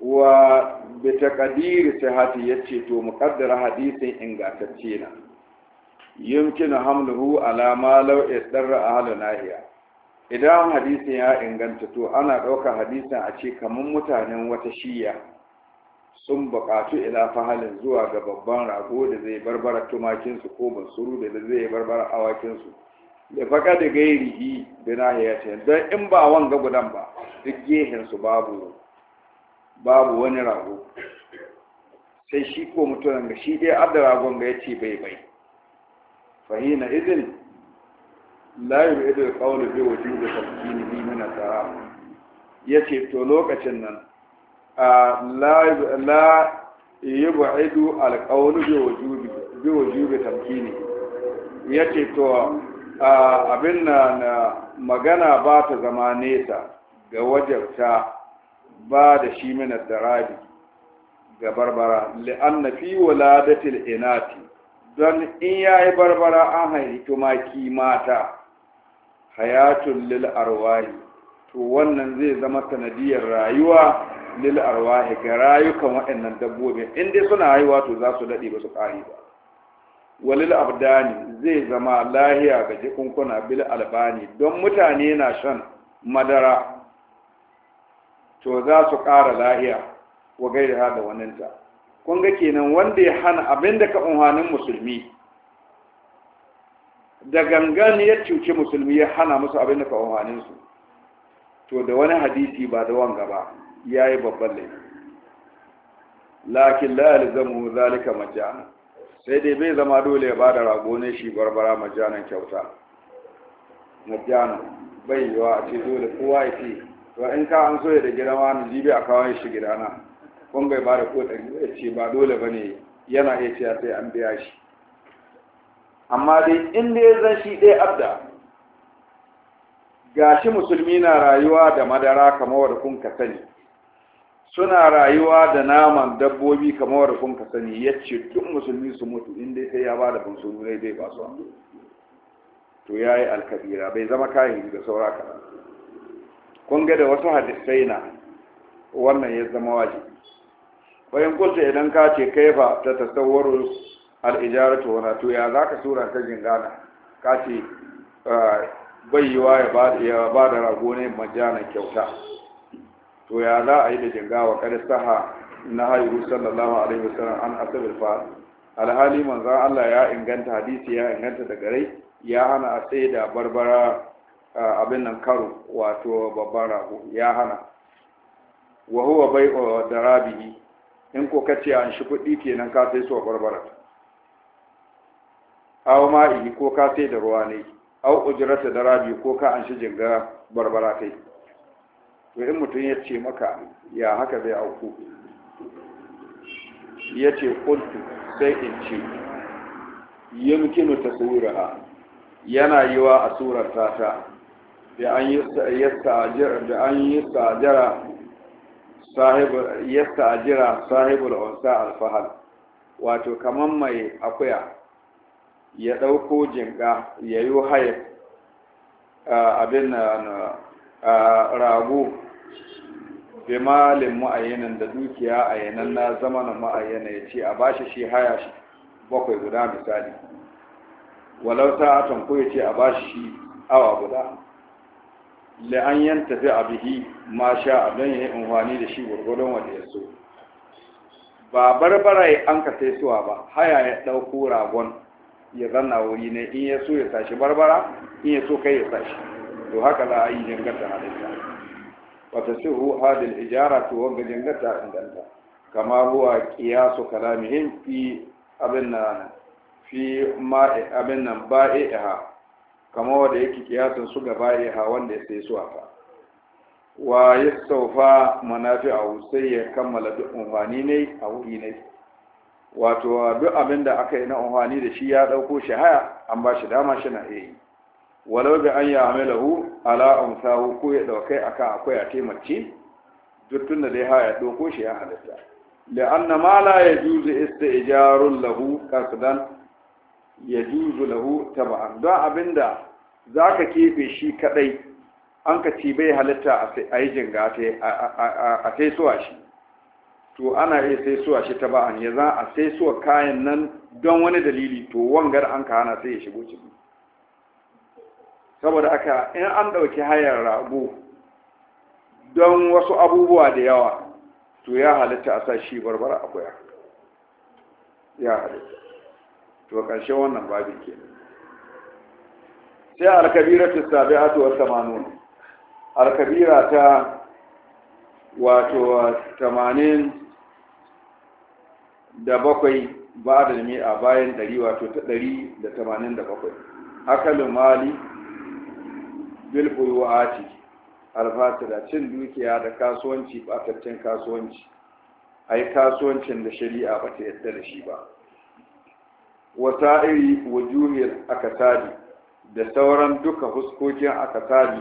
wa bi hati ya ce to mu kaddara hadisin ingantacce na yumkinu hamluhu ala ma law isdarra ahlu nahiya idan hadisin ya inganta to ana ɗaukar hadisin a ce kamar mutanen wata shiya sun bukatu ila fahalin zuwa ga babban rago da zai barbara tumakinsu ko bansuru da zai barbara awakinsu da faka da gairihi da nahiyata don in ba wanga gudan ba duk gehensu babu babu wani rago sai shi ko mutum ga shi dai adda ragon ga ya ce bai bai fahina izin la yuridu da bi wujubi tamkini min al Ya yace to lokacin nan la يبعد القول bi wujubi bi yace to abin na magana ba ta zama nesa ga wajabta ba da shi mina darabi ga barbara na fi waladatil inati don in yayi barbara an haihi tumaki mata hayatun lil arwahi to wannan zai zama sanadiyar rayuwa lil ga rayukan waɗannan dabbobi in dai suna haihuwa to za su daɗe ba su ƙari ba walil abdani zai zama lahiya ga jikunkuna bil albani don mutane na shan madara to za su ƙara lahiya wa gaira da waninta kun ga kenan wanda ya hana abin da ka unhanin musulmi da gangan ya cuce musulmi ya hana musu abin da ka su to da wani hadisi ba da wanga ba ya yi babban laifi lakin la yalzamu zalika majana sai dai bai zama dole ya bada rago ne shi barbara majanan kyauta majana bai yiwa a ce dole kowa ya ce to in ka an so ya da gida ma ni jibi a kawai shi gidana kun bai bada ko ɗari ya ce ba dole ba ne yana iya ce sai an biya shi amma dai in dai zan shi ɗaya abda gashi musulmi na rayuwa da madara kamar wadda kun ka sani suna rayuwa da naman dabbobi kamar kun ka sani ya ce tun musulmi su mutu inda sai ya ba da fansuru dai bai ba su to ya yi alkabira bai zama kayan da saura kaɗan kun ga da wasu hadisai na wannan ya zama wajibi bayan kulta idan ka ce kaifa ta tasawwaru al'ijaratu wa to ya za ka sura ta jingana ka ce ah, bai ya ba da rago ne majana kyauta to ya za a yi da jingawa kada saha na haihu sallallahu alaihi wasallam an asabil fa alhali manzon Allah ya inganta hadisi ya inganta da gare ya hana a sai da barbara abin nan karo wato babban rago ya hana wa huwa bai'u darabihi in ko kace an shi kuɗi kenan ka sai so barbara aw ma'i ko ka sai da ruwa ne au ujrata darabi ko ka an shi jinga barbara kai to in mutum ya ce maka ya haka zai auku ya ce kuntu sai in ce ta tasawwuraha yana wa a surar tata da an yi sa'ajira sahibul unsa alfahar wato kamar mai akuya ya ɗauko jinga ya yi haif abin rago bi malin ma'ayyanin da dukiya a yanan na zamanin ma'ayyana ya ce a bashi shi haya shi bakwai guda misali walau atan ko ya ce a bashi shi awa guda an yan tafi a bihi ma sha a don yi amfani da shi gwargwadon wanda ya so ba barbara an ka sai suwa ba haya ya ɗauko ragon ya zanna wuri ne in ya so ya sashi barbara in ya so kai ya sashi to haka za a yi jangar da halitta wata sirru hadil ijara to wanga jangata inganta kama huwa qiyasu kalamihim fi abin nan fi ma abin nan ba'iha kama wanda yake kiyasin su ga ba'iha wanda ya sai su aka wa yastawfa manafi'ahu sai ya kammala duk umfani ne a wuri ne wato duk abin da aka yi na amfani da shi ya ɗauko shi haya an ba shi dama shi na iya yi walau bi an ya'malahu ala amsahu ko ya dauke aka akwai a taimaci duk da dai ha ya doko shi ya halatta mala ma la yajuzu ijarun lahu ya yajuzu lahu tab'an don abinda zaka kefe shi kadai an ka ci bai halitta a yi jinga a sai suwa shi to ana iya sai suwa shi ba'an ya za a sai suwa kayan nan don wani dalili to wangar an ka hana sai ya shigo ciki saboda aka in an ɗauki hayar rago don wasu abubuwa da yawa to ya halitta a sa shi barbara akuya ya halitta to ƙarshe wannan babin ke sai alkabira ta sabi a tuwar samanin alkabira ta wato tamanin da bakwai ba da a bayan ɗari wato ta ɗari da tamanin da bakwai akalin mali bil buyuati alfasida cin dukiya da kasuwanci batattun kasuwanci ai kasuwancin da shari'a ba ta yadda da shi ba wasa'iri wujuhil akasadi da sauran duka huskokin akasadi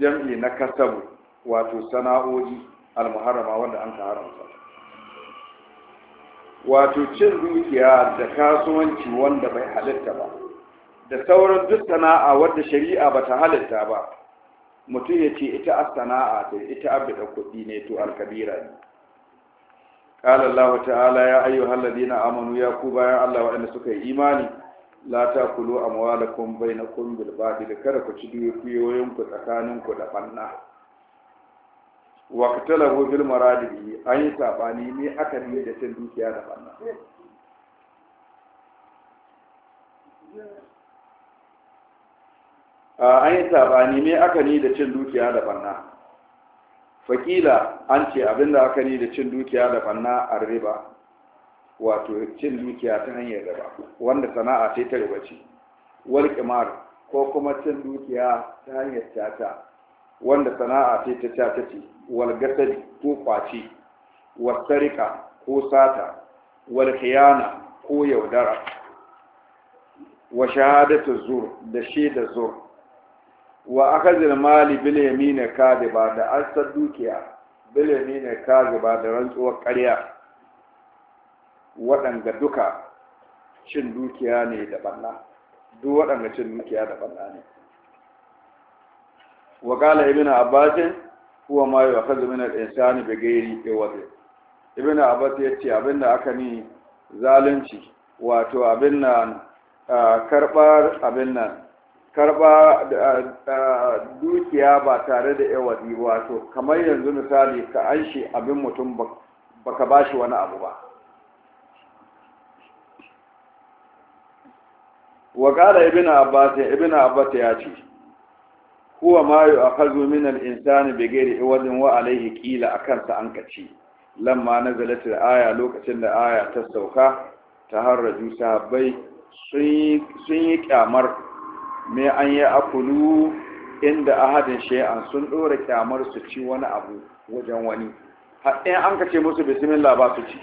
jam'i na kasabu wato sana'o'i almuharrama wanda an haramta wato cin dukiya da kasuwanci wanda bai halitta ba da sauran duk sana'a wadda shari'a ba ta halitta ba mutum ya ce ita sana'a ta ita abida kuɗi ne to alkabira ne qala Allah ta'ala ya ayyuhal na amanu ya ku bayan Allah waɗanda suka yi imani la bai na kun bil da kada ku ci dukiyoyin ku tsakanin ku da banna wa qatalahu bil maradibi an yi saɓani ne aka ne da cin dukiya da fanna an yi sabani me aka ni da cin dukiya da banna fakila an ce abinda aka ni da cin dukiya da banna a riba wato cin dukiya ta hanyar riba wanda sana'a ce ta riba ce wal kimar ko kuma cin dukiya ta hanyar tata wanda sana'a ce ta tata ce wal gasari ko kwaci wal sarika ko sata wal khiyana ko yaudara wa shahadatu zur da shaidar zur wa akazil mali bil yamina kadiba da asar dukiya bil yamina kadiba da rantsuwar ƙarya waɗanda duka cin dukiya ne da banna duk waɗanda cin dukiya da banna ne wa kala ibnu abbas huwa ma yu'khadhu min al-insani bi ghairi iwadh ibnu abbas yace abinda aka ni zalunci wato abin nan karbar abin nan karba dukiya ba tare da yawadi wato kamar yanzu misali ka an shi abin mutum baka ba shi wani abu ba wa ƙara ibina abbas ibina abbas ya ce huwa ma akhadhu min al-insani ghairi iwadin wa alayhi qila akan sa an kace lamma nazalat al-aya lokacin da aya ta sauka ta harraju sahabbai sun yi kyamar Me an yi akulu inda ahadin shay'an sun dora kyamar su ci wani abu wajen wani in an kace musu bismillah ba su ci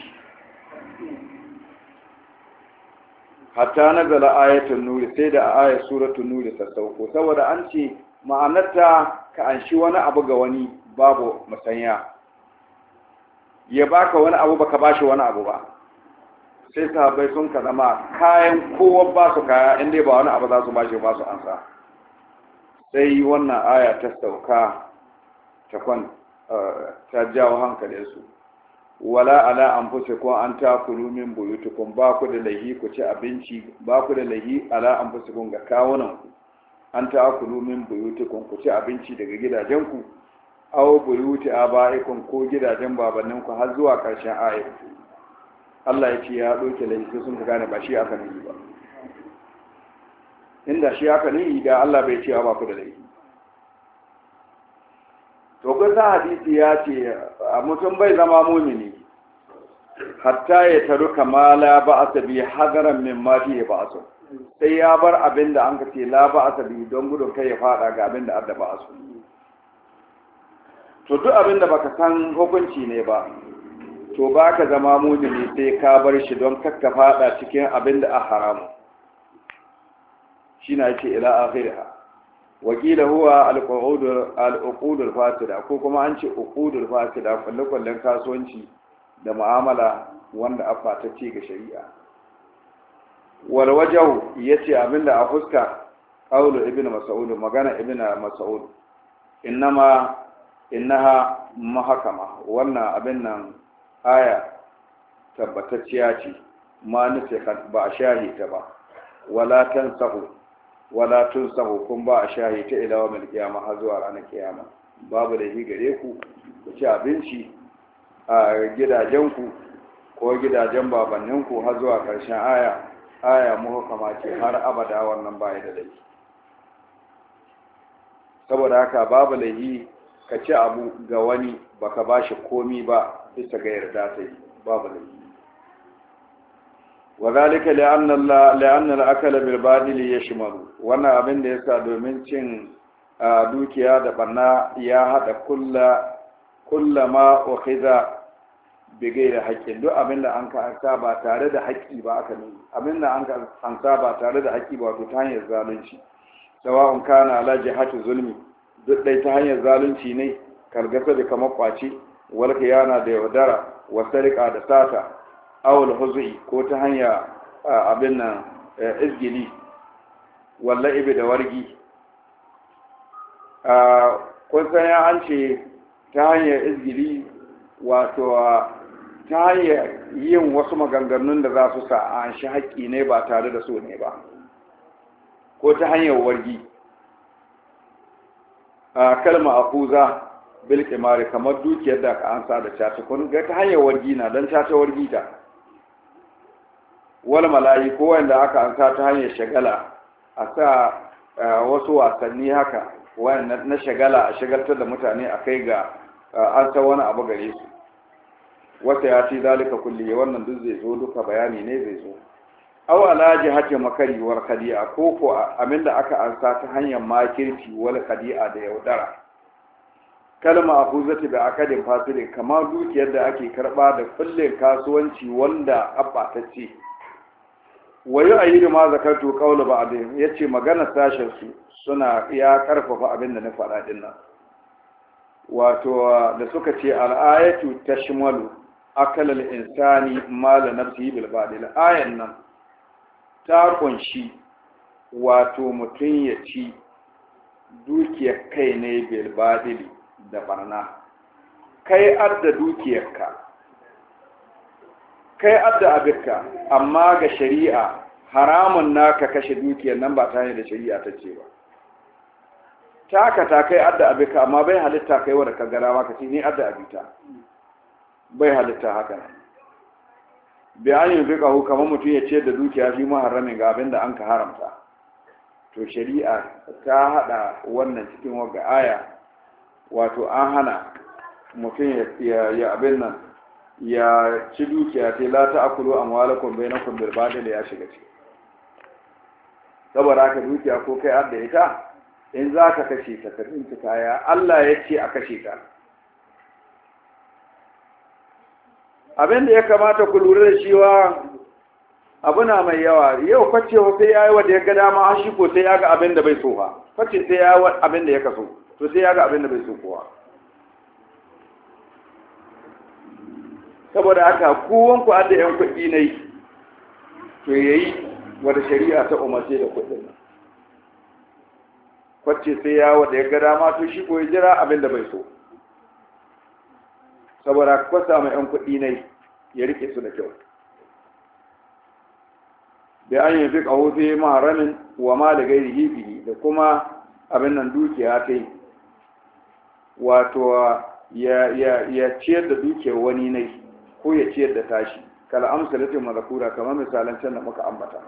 hatta nazala ayatun nuri sai da aya suratun nuri ta sauko saboda an ce ma'anarta ka anshi wani abu ga wani babu musanya ya baka wani abu baka bashi wani abu ba sai sahabai sun zama kayan kowa ba su kaya inda ba wani abu za su bashi ba su ansa sai wannan aya ta sauka ta kwan eh, ta jawo hankalinsu wala ala an fusa ko an kulu min buyutukum ba ku da lahi ku ci abinci ba ku da lahi ala an fusa ga kawunan ku an kulu min buyutukum ku ci abinci daga gidajenku aw buyuti abaikum ko gidajen babanninku har zuwa karshen ayatu Allah ya ce ya ɗauke laifi sun ka gane ba shi aka nuhi ba inda shi aka nuhi da Allah bai cewa ba ku da laifi to kun san hadisi ya ce a mutum bai zama mumini hatta ya taru kamala ba a sabi hadaran min mafi ya ba sai ya bar abin da an ka ce la ba a sabi don gudun kai ya fada ga abin da adda ba a to duk abin da baka san hukunci ne ba to ba ka zama mumini sai ka bar shi don kakka fada cikin abin da a haramu shi na yake ila akhiriha wakila huwa al al fasida ko kuma an ce al fasida kullukullen kasuwanci da mu'amala wanda a fatacce ga shari'a wal ce yace da a fuska ƙaunar ibnu mas'ud magana ibnu mas'ud innama innaha mahakama wannan abin nan aya tabbatacciya ce ma nufi ba a shahi ta ba wala sahu wala tun sahu kun ba a shahi ta ilawa mai kiyama har zuwa ranar kiyama babu da shi gare ku ku ci abinci a gidajenku ko gidajen babanninku har zuwa ƙarshen aya aya mu hukama ce har abada wannan baya da laifi saboda haka babu laifi ka ci abu ga wani baka ba shi komi ba ita ga yarda ta yi babu laifi wa zalika li'anna akala bil badili yashmalu wannan abin da ya sa domin cin dukiya da barna ya haɗa kulla kullama ukhiza bigai da haƙƙi duk abin da an ka ba tare da haƙƙi ba aka nuna abin da an ka ba tare da haƙƙi ba to ta hanyar zalunci sawa'un kana alaji haƙƙi zulmi duk dai ta hanyar zalunci ne kargasa da kamar kwace wal khiyana da yaudara wa sarika da sata awul huzi ko ta hanya abin nan e, izgili walla ibi da wargi kun san ya an ce ta hanyar izgili wato ta hanyar yin wasu maganganun da za su sa an shi haƙƙi ne ba tare da so ne ba ko ta hanyar wargi kalma akuza bil kimari kamar dukiyar da ka ansa da cata kun ga ta hanyar wargi na don cata wargi ta wal malayi ko wanda aka ansa ta hanyar shagala a sa wasu wasanni haka wanda na shagala a shagaltar da mutane a kai ga an ta wani abu gare su wata ya ce zalika kulli wannan duk zai zo duka bayani ne zai zo aw ala jihati makari war kadi'a, ko ko aminda aka ansa ta hanyar makirci wal kadi'a da yaudara kalma a huzati da akadin fasilin kama dukiyar da ake karba da kullin kasuwanci wanda abbatacce wayo a yi da ma zakartu kaula ba abin ya ce magana sashensu suna ya karfafa abin da na faɗa nan wato da suka ce al'ayatu ta shimalu akalal insani mala na bil badil ayan nan ta kunshi wato mutum ya ci dukiyar kai ne bil da barna kai adda dukiyarka kai adda abirka amma ga shari'a haramun naka kashe dukiyar nan ba tare da shari'a ta ce ba taka ta kai adda abirka amma bai halitta kai wadda ka gara ba ka ce ni adda abita bai halitta haka nan bayanin fiqahu kamar mutum ya ce da dukiya shi muharramin ga abin da an ka haramta to shari'a ta hada wannan cikin wagga aya wato an hana mutum ya abin nan ya ci dukiya ta la ta akulu na bainakum ba da ya shiga ce saboda haka dukiya ko kai adda ita in za ka kashe ta ka kaya Allah ya ce a kashe ta abin da ya kamata ku lura da cewa abu na mai yawa yau kwace sai ya yi wanda ya ga dama an ko sai ya ga abin da bai so ba kwace sai ya yi abin da ya kaso to sai ya ga abin da bai so kowa saboda haka kowan ku adda yan kuɗi ne to yayi wata shari'a ta umarce da kuɗin nan kwacce sai ya wada ya gada ma to shi ko ya jira abin da bai so saboda kwasa mai yan kuɗi ne ya rike su da kyau da an yi fiƙa hutu maharamin wa ma da gairi hifi da kuma abin nan dukiya ta yi wato ya ciyar da duke wani ne ko ya ciyar da tashi kala amsalatin mazakura kamar misalan can da muka ambata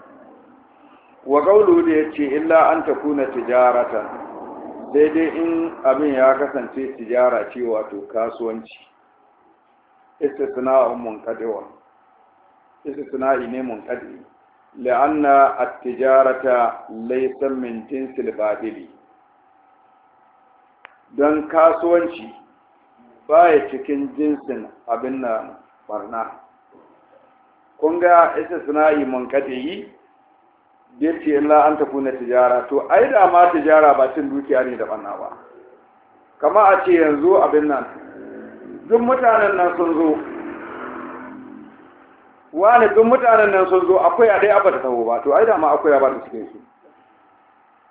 wa qawlu da yace illa an takuna tijarata. Daidai in abin ya kasance tijara ce wato kasuwanci istisna'un munqadiwa istisna'i ne munqadi la'anna at-tijarata laysa min jinsil badili don kasuwanci baya cikin jinsin abin na barna kun ga isa sana'i mun kaɗe yi birci illa an tafi na tijara to ai da ma tijara ba cin dukiya ne da barna ba kama a ce yanzu abin nan duk mutanen nan sun zo wani duk mutanen nan sun zo akwai a dai abata taho ba to ai da ma akwai ba da cikin su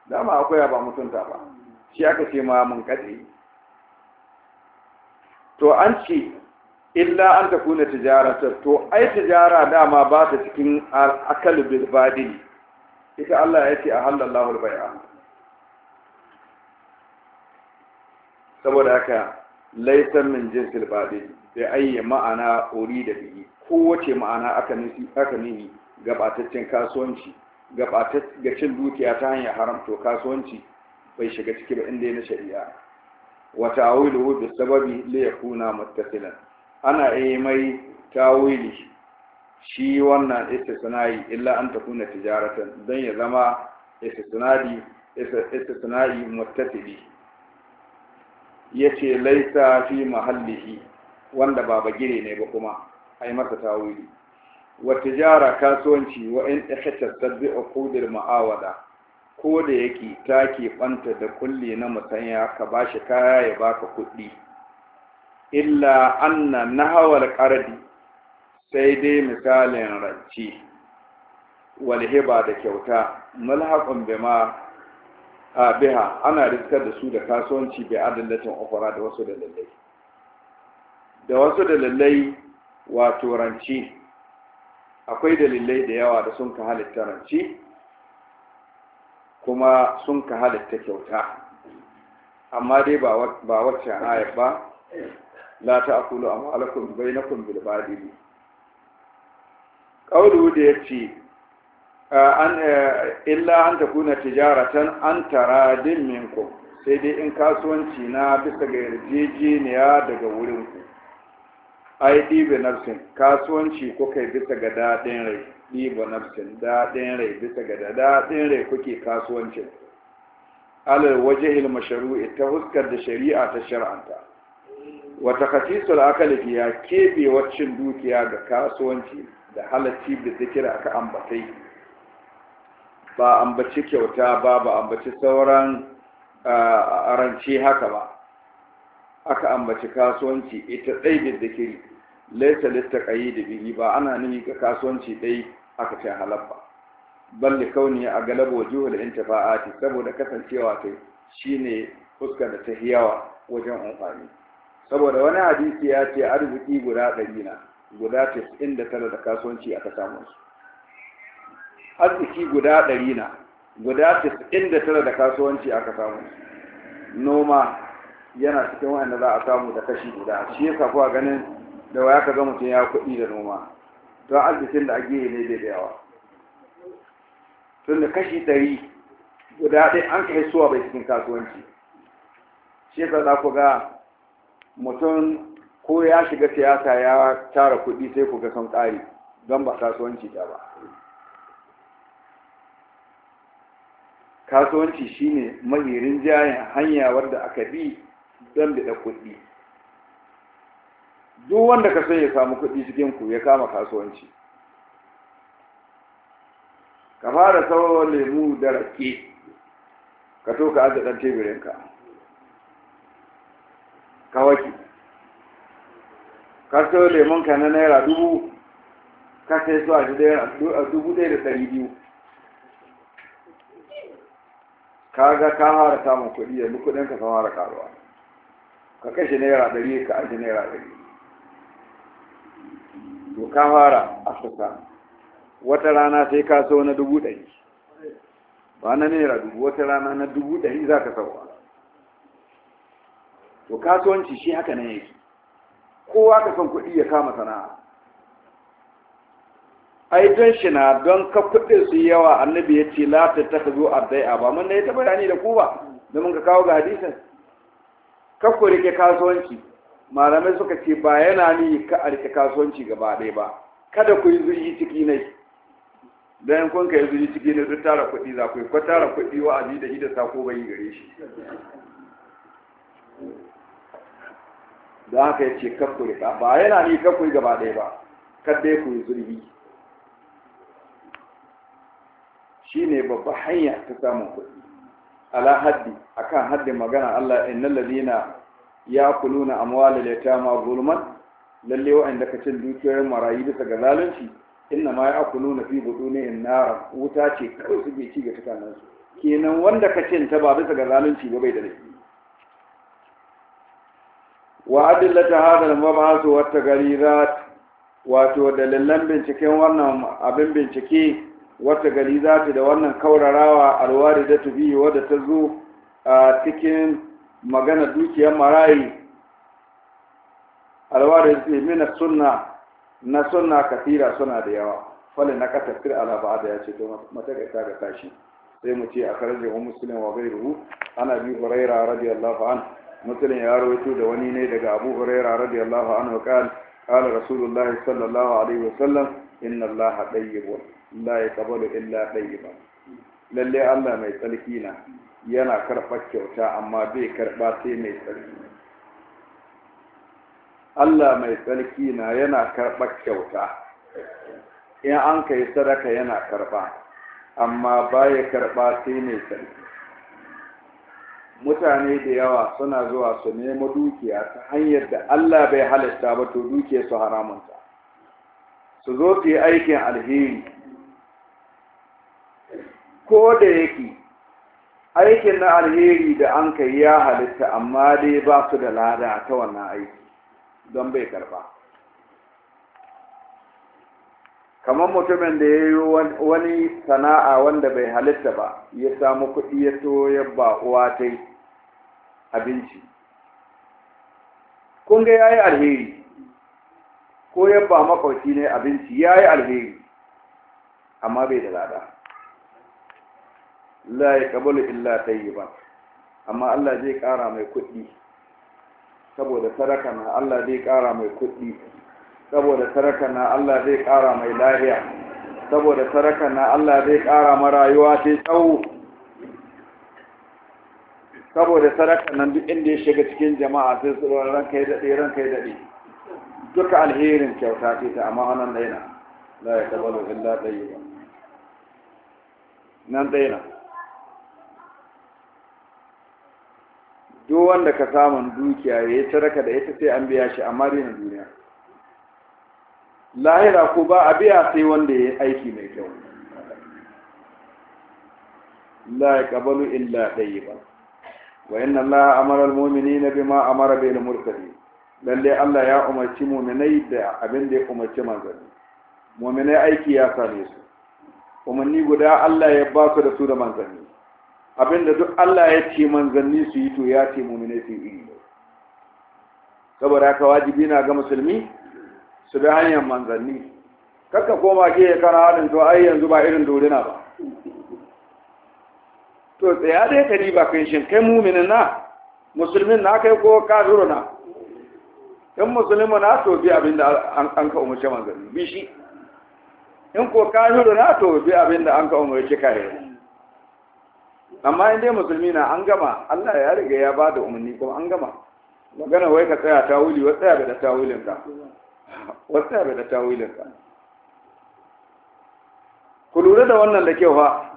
dama akwai ba mutunta ba shi aka ce ma mun katsi to an ce illa an ta kuna tijarata to ai tijara dama ba ta cikin akal bil ita Allah ya ce a halallahu al saboda haka laisan min jinsil badi sai ayyi ma'ana ori da ko wace ma'ana aka nufi aka nufi gabataccen kasuwanci gabatacce ga cin dukiya ta hanyar haram to kasuwanci bai shiga ciki ba inda yana shari'a wa ta'awiluhu bi sababi li yakuna muttasilan ana yi mai tawili shi wannan istisnai illa an takuna tijaratan dan ya zama istisnadi istisnai muttasili yace laisa fi mahallihi wanda ba gire ne ba kuma ai masa tawili wa tijara kasuwanci wa in ihtasab bi ma'awada ko da yake ta keɓanta da kulle na musanya ka ba shi kaya ya ba ka kuɗi illa anna nahawar ƙardi sai dai misalin rance walhiba da kyauta mulhaƙun bima a biha ana riskar da su da kasuwanci bai adalatin ofara da wasu da wasu da lallai wato rance akwai dalilai da yawa da sun ka halitta rance kuma sun ka halitta kyauta amma dai ba wacce ayat ba la ta akulu a ma'alakun bai na kumbil badili ƙauru da ya ce eh, illa an ta kuna tijaratan an tara din minku sai dai in kasuwanci na bisa ga yarjejeniya daga wurinku ai na nafsin kasuwanci kuka bisa ga daɗin rai ɗiba nafsin daɗin rai bisa ga daɗin rai kuke kasuwancin alal wajahil masharu ta huskar da shari'a ta shar'anta wata khasisul akali fiya kebe waccin dukiya ga kasuwanci da halacci da zikira aka ambatai ba ambaci kyauta ba ba ambaci sauran aranci haka ba aka ambaci kasuwanci ita tsaye da zikiri laisa kayi da biyu ba ana nuni ga kasuwanci ɗaya. aka ce halabba balle kauni a galabo juhul intifa'ati saboda kasancewa ta shine fuskar da ta hiyawa wajen amfani saboda wani hadisi ya ce arziki guda ɗari na guda tasa'in da tara da kasuwanci aka samu su arziki guda ɗari na guda tasa'in da tara da kasuwanci aka samu su noma yana cikin wanda za a samu da kashi guda shi yasa kuwa ganin da waya ka ga mutum ya kuɗi da noma don arzikin da ake yi ne da yawa tun da kashi ɗari guda ɗaya an kai suwa bai cikin kasuwanci shi za ku ga mutum ko ya shiga siyasa ya tara kuɗi sai ku ga kan ƙari don ba kasuwanci ta ba kasuwanci shine mahirin jayin hanya wadda aka bi don bida kuɗi duk wanda ka sai ya samu kuɗi cikin ku ya kama kasuwanci ka fara sauran lemu da rake ka to ka aza ɗan teburinka ka waki ka lemun ka na naira dubu ka sai su a dubu ɗaya da ɗari biyu ka ga ka fara samun kuɗi yanzu kuɗin ka fara karuwa ka kashe naira ɗari ka aji naira ɗari to ka fara asusa wata rana sai ka sau na dubu ɗari ba na naira dubu wata rana na dubu ɗari za ka sauwa to kasuwanci shi haka ne yake kowa ka son kuɗi ya kama sana'a ai don shi na don ka kuɗin su yawa annabi ya ce lati ta zo a dai'a ba mun da ya taɓa da ku ba domin ka kawo ga hadisin ka ku rike kasuwanci malamai suka ce ba yana ni ka arke kasuwanci gaba ɗaya ba kada ku yi zurfi ciki ne dan kun kai zurfi ciki ne duk tara kuɗi za ku yi ko tara kuɗi wa aji da ida sako yi gare shi da haka ce kakku rika ba yana ni kakku gaba ɗaya ba kada ku yi zurfi ne babba hanya ta samun kuɗi ala haddi akan haddin magana Allah innal ladina ya kuluna amwalil yatama zulman lalle wa'anda ka cin dukiyoyin marayu bisa ga zalunci inna ma ya akuluna fi buduni innara wuta ce kawai suke ci ga tukanan su kenan wanda ka cin ta ba bisa ga zalunci ba bai da laifi wa adillata hada al wata gari tagarirat wato dalilan binciken wannan abin bincike wata gari za da wannan kaurarawa alwari da tubi wadda ta zo a cikin magana dukiyar marayi alwarin na sunna na kafira suna da yawa fali na katafir ala ba'ada ya ce to matakaita ga tashi sai mu ce a karje wa musulun wa ruhu. ana bi huraira radiyallahu an musulun ya rawaito da wani ne daga abu huraira radiyallahu anhu kan قال رسول الله صلى الله عليه وسلم إن الله طيب لا يقبل إلا طيبا للي الله ما يتلكينا yana karɓar kyauta amma bai karɓa sai mai tsarki Allah mai tsarki na yana karɓar kyauta in an kai sadaka yana karɓa amma baya karɓa sai mai tsarki mutane da yawa suna zuwa su nemo dukiya ta hanyar da Allah bai halitta ba to dukiya su haramunta su zo su yi aikin alheri ko da yake aikin na alheri da an kai ya halitta amma dai ba su da lada ta wannan aiki don bai karba kamar mutumin da ya yi wani sana'a wanda bai halitta ba ya samu kuɗi ya so ya ba uwa ta abinci kun ga ya yi alheri ko ya ba makwauci ne abinci ya yi alheri amma bai da lada la ya kabalu illa tayyiban amma Allah zai kara mai kuɗi saboda sadaka na Allah zai kara mai kuɗi saboda sadaka na Allah zai kara mai lahiya saboda sadaka na Allah zai kara ma rayuwa sai tsawo saboda sadaka nan duk inda ya shiga cikin jama'a sai su ranka ya daɗe ranka ya daɗe duka alherin kyauta ce ta amma wannan daina la ya kabalu illa tayyiban nan daina duk wanda ka samun dukiya ya yi taraka da ita sai an biya shi a marina duniya lahira ko ba a biya sai wanda ya yi aiki mai kyau la ya kabalu illa ɗaya ba wa inna Allah amara al-mu'mini na mara amara bil Murtali. lalle Allah ya umarci mu'minai da abin da ya umarci manzanni mu'minai aiki ya same su umarni guda Allah ya ba su da su da manzanni abinda duk Allah ya ce manzanni su yi to ya ce mumine su yi saboda haka wajibi na ga musulmi su bi hanyar manzanni kakka koma ke kana halin to ai yanzu ba irin dorina ba to tsaya dai ka riba kai shin kai muminin na musulmin na kai ko kafiru na in musulmi na to bi abin da an ka umarci manzanni bi shi in ko kafiru na to bi abin da an ka umarci kare amma in dai musulmi na an gama Allah ya riga ya ba da umarni kuma an gama magana wai ka tsaya tawuli wa tsaya da tawulin ka wa tsaya da tawulin ka ku lura da wannan da kyau fa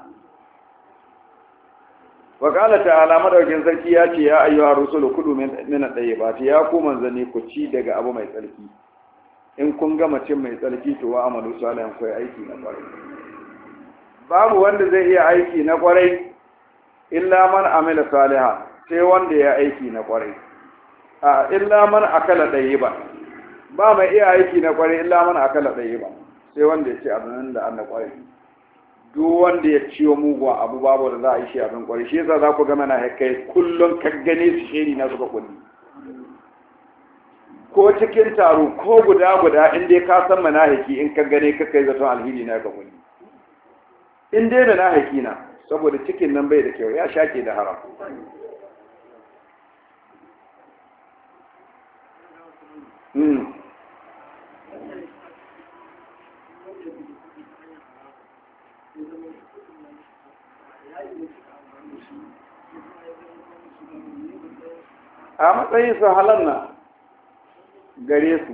wa ta ta'ala madaukin sarki ya ce ya ayyuha rusulu kudu min at-tayyibati ya ku manzani ku ci daga abu mai tsarki in kun gama cin mai tsarki to wa amalu salihan kai aiki na kwarai babu wanda zai iya aiki na kwarai illa man amila saliha sai wanda ya aiki na kwarai a illa man akala dayiba ba mai iya aiki na kwarai illa man akala ba sai wanda ya ce abin da Allah kwarai duk wanda ya ciwo muguwa abu babu da za a yi shi abin kwarai shi yasa za ku gama na hakkai kullum ka gane su shiri na suka kudi ko cikin taro ko guda guda in dai ka san manahiki in ka gane ka kai zaton alheri na ka kudi in dai manahiki na saboda cikin nan bai da kyau ya shake da haram hmm. a matsayin su halar na gare su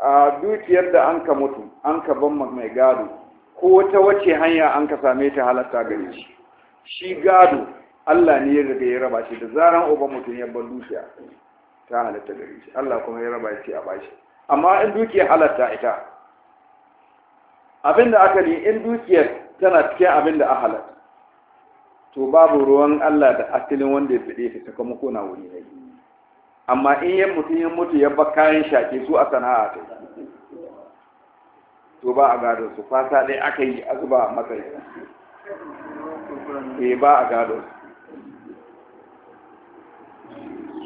a dukiyar da an ka mutu an ka ban mai gado ko ta wace hanya an ka same ta halatta gare shi shi gado Allah ne ya riga ya raba shi da zaran uban mutum ya bar dukiya ta halatta gare shi Allah kuma ya raba shi a bashi amma in dukiya halatta ita abinda aka ne in dukiyar tana cikin abinda a halatta to babu ruwan Allah da asalin wanda ya fide ta sakamako na wuri ne amma in yan mutum ya mutu ya bar kayan shaƙe su a sana'a ta to ba a gado su fata dai aka yi azuba matsayi eh ba a gado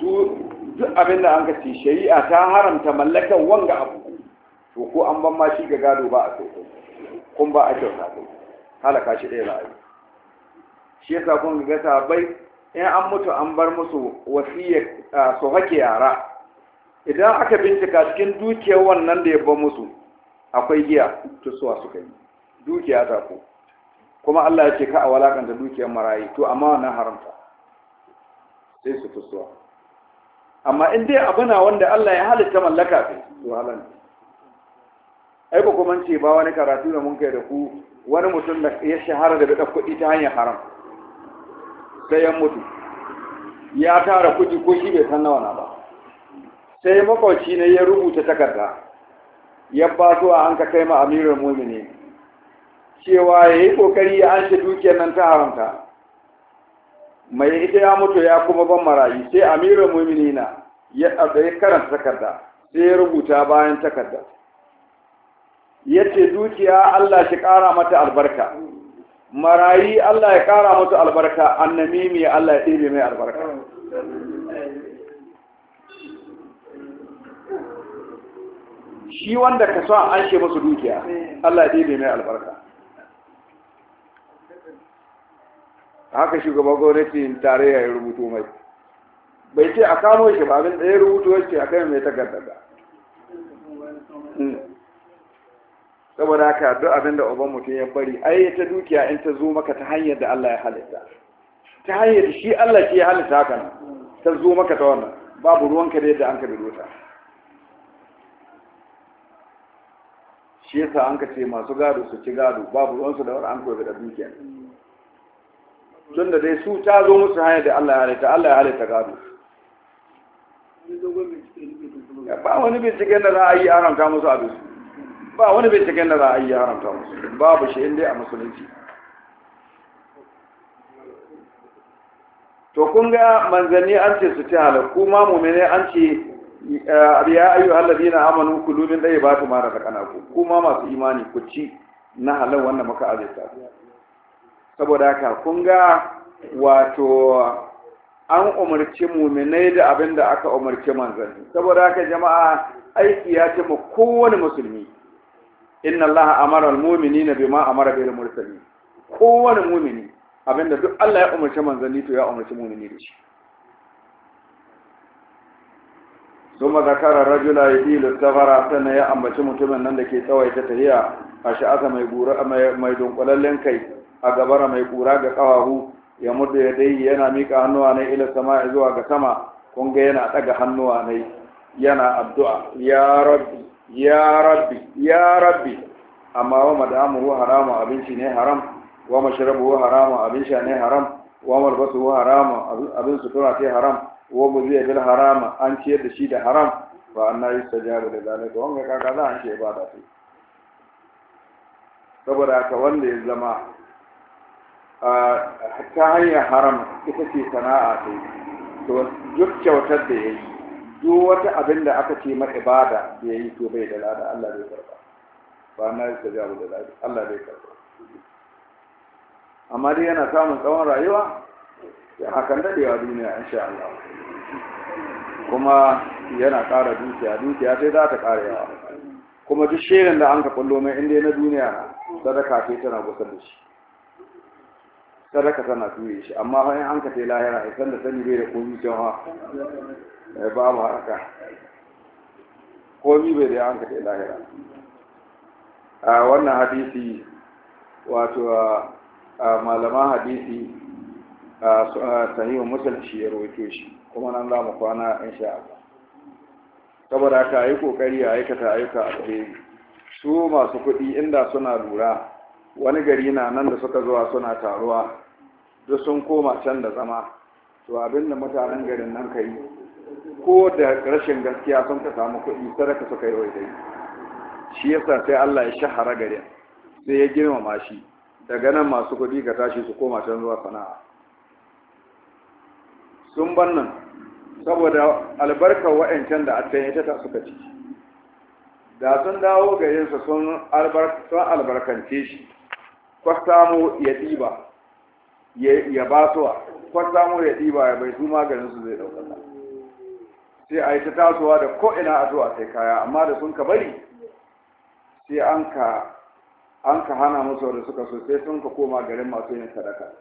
su duk abin da an ka ce shari'a ta haramta mallakar wanga abu to ko an ban ma shi ga gado ba a sauko kun ba a kyauta ko halaka shi ɗaya ra'ayi shi yasa kun ga ta, bai in an mutu an bar musu wasiyya ah, su hake yara idan aka bincika cikin dukiyar wannan da ya ban musu akwai giya su suka yi dukiya ta ku kuma Allah ya ce ka a walakanta dukiyar marayi to amma na haramta sai su tusuwa amma in dai abu na wanda Allah ya halitta mallaka sai to halan ai ba kuma ce ba wani karatu da mun kai da ku wani mutum da ya shahara da bada kuɗi ta hanyar haram sai ya mutu ya tara kuɗi ko shi bai san nawa na ba sai makwauci ne ya rubuta takarda ya ba su an ka kai ma amirul mumini cewa ya yi kokari ya an dukiyar nan ta haramta mai ita ya mutu ya kuma ban marayi sai amirul mumini na ya karanta takarda sai ya rubuta bayan takarda ya dukiya Allah shi ƙara mata albarka marayi Allah ya ƙara mata albarka annamimi Allah ya ɗebe mai albarka shi wanda ka sa an she masu dukiya Allah ya ɗebe mai albarka haka shugaban gwamnati tare ya rubuto mai bai ce a kamo shi ba abin da ya rubuto ya ce a kai mai takardaga saboda haka duk abin da uban mutum ya bari ai ta dukiya in ta zo maka ta hanyar da Allah ya halitta ta hanyar shi Allah ke ya halitta haka ta zo maka ta wannan babu ruwanka da yadda an ka bi ta shi yasa an ka ce masu gado su ci gado babu ruwansu da an koyi da dukiya tun da dai su ta zo musu hanya da Allah ya halitta Allah ya halitta gado ba wani binciken da za a yi haramta musu a dusu ba wani binciken da za a yi haramta musu babu shi inda a musulunci to kun ga manzanni an ce su ci halal kuma mu ne an ce ya ayyu alladina amanu kulu min dayyibati ma razaqnakum kuma masu imani ku ci na halal wannan muka azurta saboda haka kun ga wato an umarci muminai da abin da aka umarci manzanni saboda haka jama'a aiki ya ce mu kowane musulmi inna Allah amara al-mu'minina bima amara bil mursalin kowane mumini abinda duk Allah ya umarci manzanni to ya umarci mumini da shi ثم ذكر الرجل يديل السفر سنة يا أم بشمت من نندك سوى تتهيا أشعث ما يقول ما يدون قللن كي أقبر ما يقول قواه يمد يديه ينا ميك هنواني إلى السماء زوا سما كون ينا تقى هنواني ينا الدعاء يا ربي يا ربي يا ربي أما ومدعمه حرام أبنشي حرام ومشربه حرام أبنشي حرام وملبسه حرام أبنسطرته حرام wa bu zai bil harama an ciyar da shi da haram fa anna yustajabu da zalika wanga kaka za an ce da su saboda haka wanda ya zama ta hanyar haram ita ce sana'a ce to duk kyautar da ya yi duk wata abin da aka ce mar ibada da ya yi to bai da lada Allah bai karba ba na yi tajabu da lada Allah bai karba amma dai yana samun tsawon rayuwa hakan dadewa duniya insha Allah kuma yana ƙara dukiya dukiya sai za ta ƙara yawa kuma duk shirin da an ka kullo mai inda na duniya sadaka ce tana gusar da shi sadaka tana tuye shi amma fa in an ka sai lahira isan da sani bai da komi can ha babu haraka komi bai da an ka sai lahira a wannan hadisi wato malaman hadisi sahihu muslim shi ya rawaito shi kuma nan za mu kwana sha ka saboda ka yi kokari a aikata ayyuka a alheri su masu kuɗi inda suna lura wani gari na nan da suka zuwa suna taruwa duk sun koma can da zama to abin da mutanen garin nan ka yi ko da rashin gaskiya sun ka samu kuɗi sadaka suka yi waidai shi yasa sai Allah ya shahara garin sai ya girmama shi daga nan masu kuɗi ka tashi su koma can zuwa sana'a sun ban nan saboda albarkar wa'ancan da attan ta ta suka ci da sun dawo gare su sun albarkance shi kwastamo ya ɗiba ya ba suwa kwastamo ya ɗiba ya bai su maganin zai ɗaukata sai a yi ta tasowa da ko'ina a zuwa sai kaya amma da sun ka bari sai an ka hana musu da suka so sai sun ka koma garin masu yin sadaka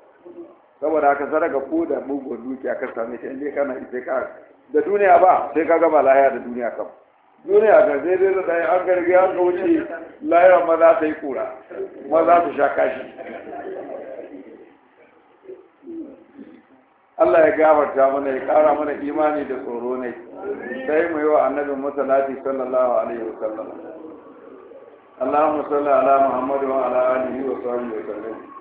saboda haka sadaka ko da mugun dukiya ka same shi inda kana ita ka da duniya ba sai ka gama lahiya da duniya kam duniya ga sai dai da dai an garbi an ga wuce lahiya ma za ta yi kura ma za ta sha kashi Allah ya gafarta mana ya kara mana imani da tsoro ne sai mu yi wa annabin masalati sallallahu alaihi wa sallam Alamun-salli ala Muhammad wa ala alihi wa sahbihi wa sallam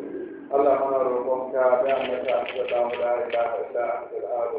اللهم ربك بأنك أنت تعمل لا إله إلا أنت الآب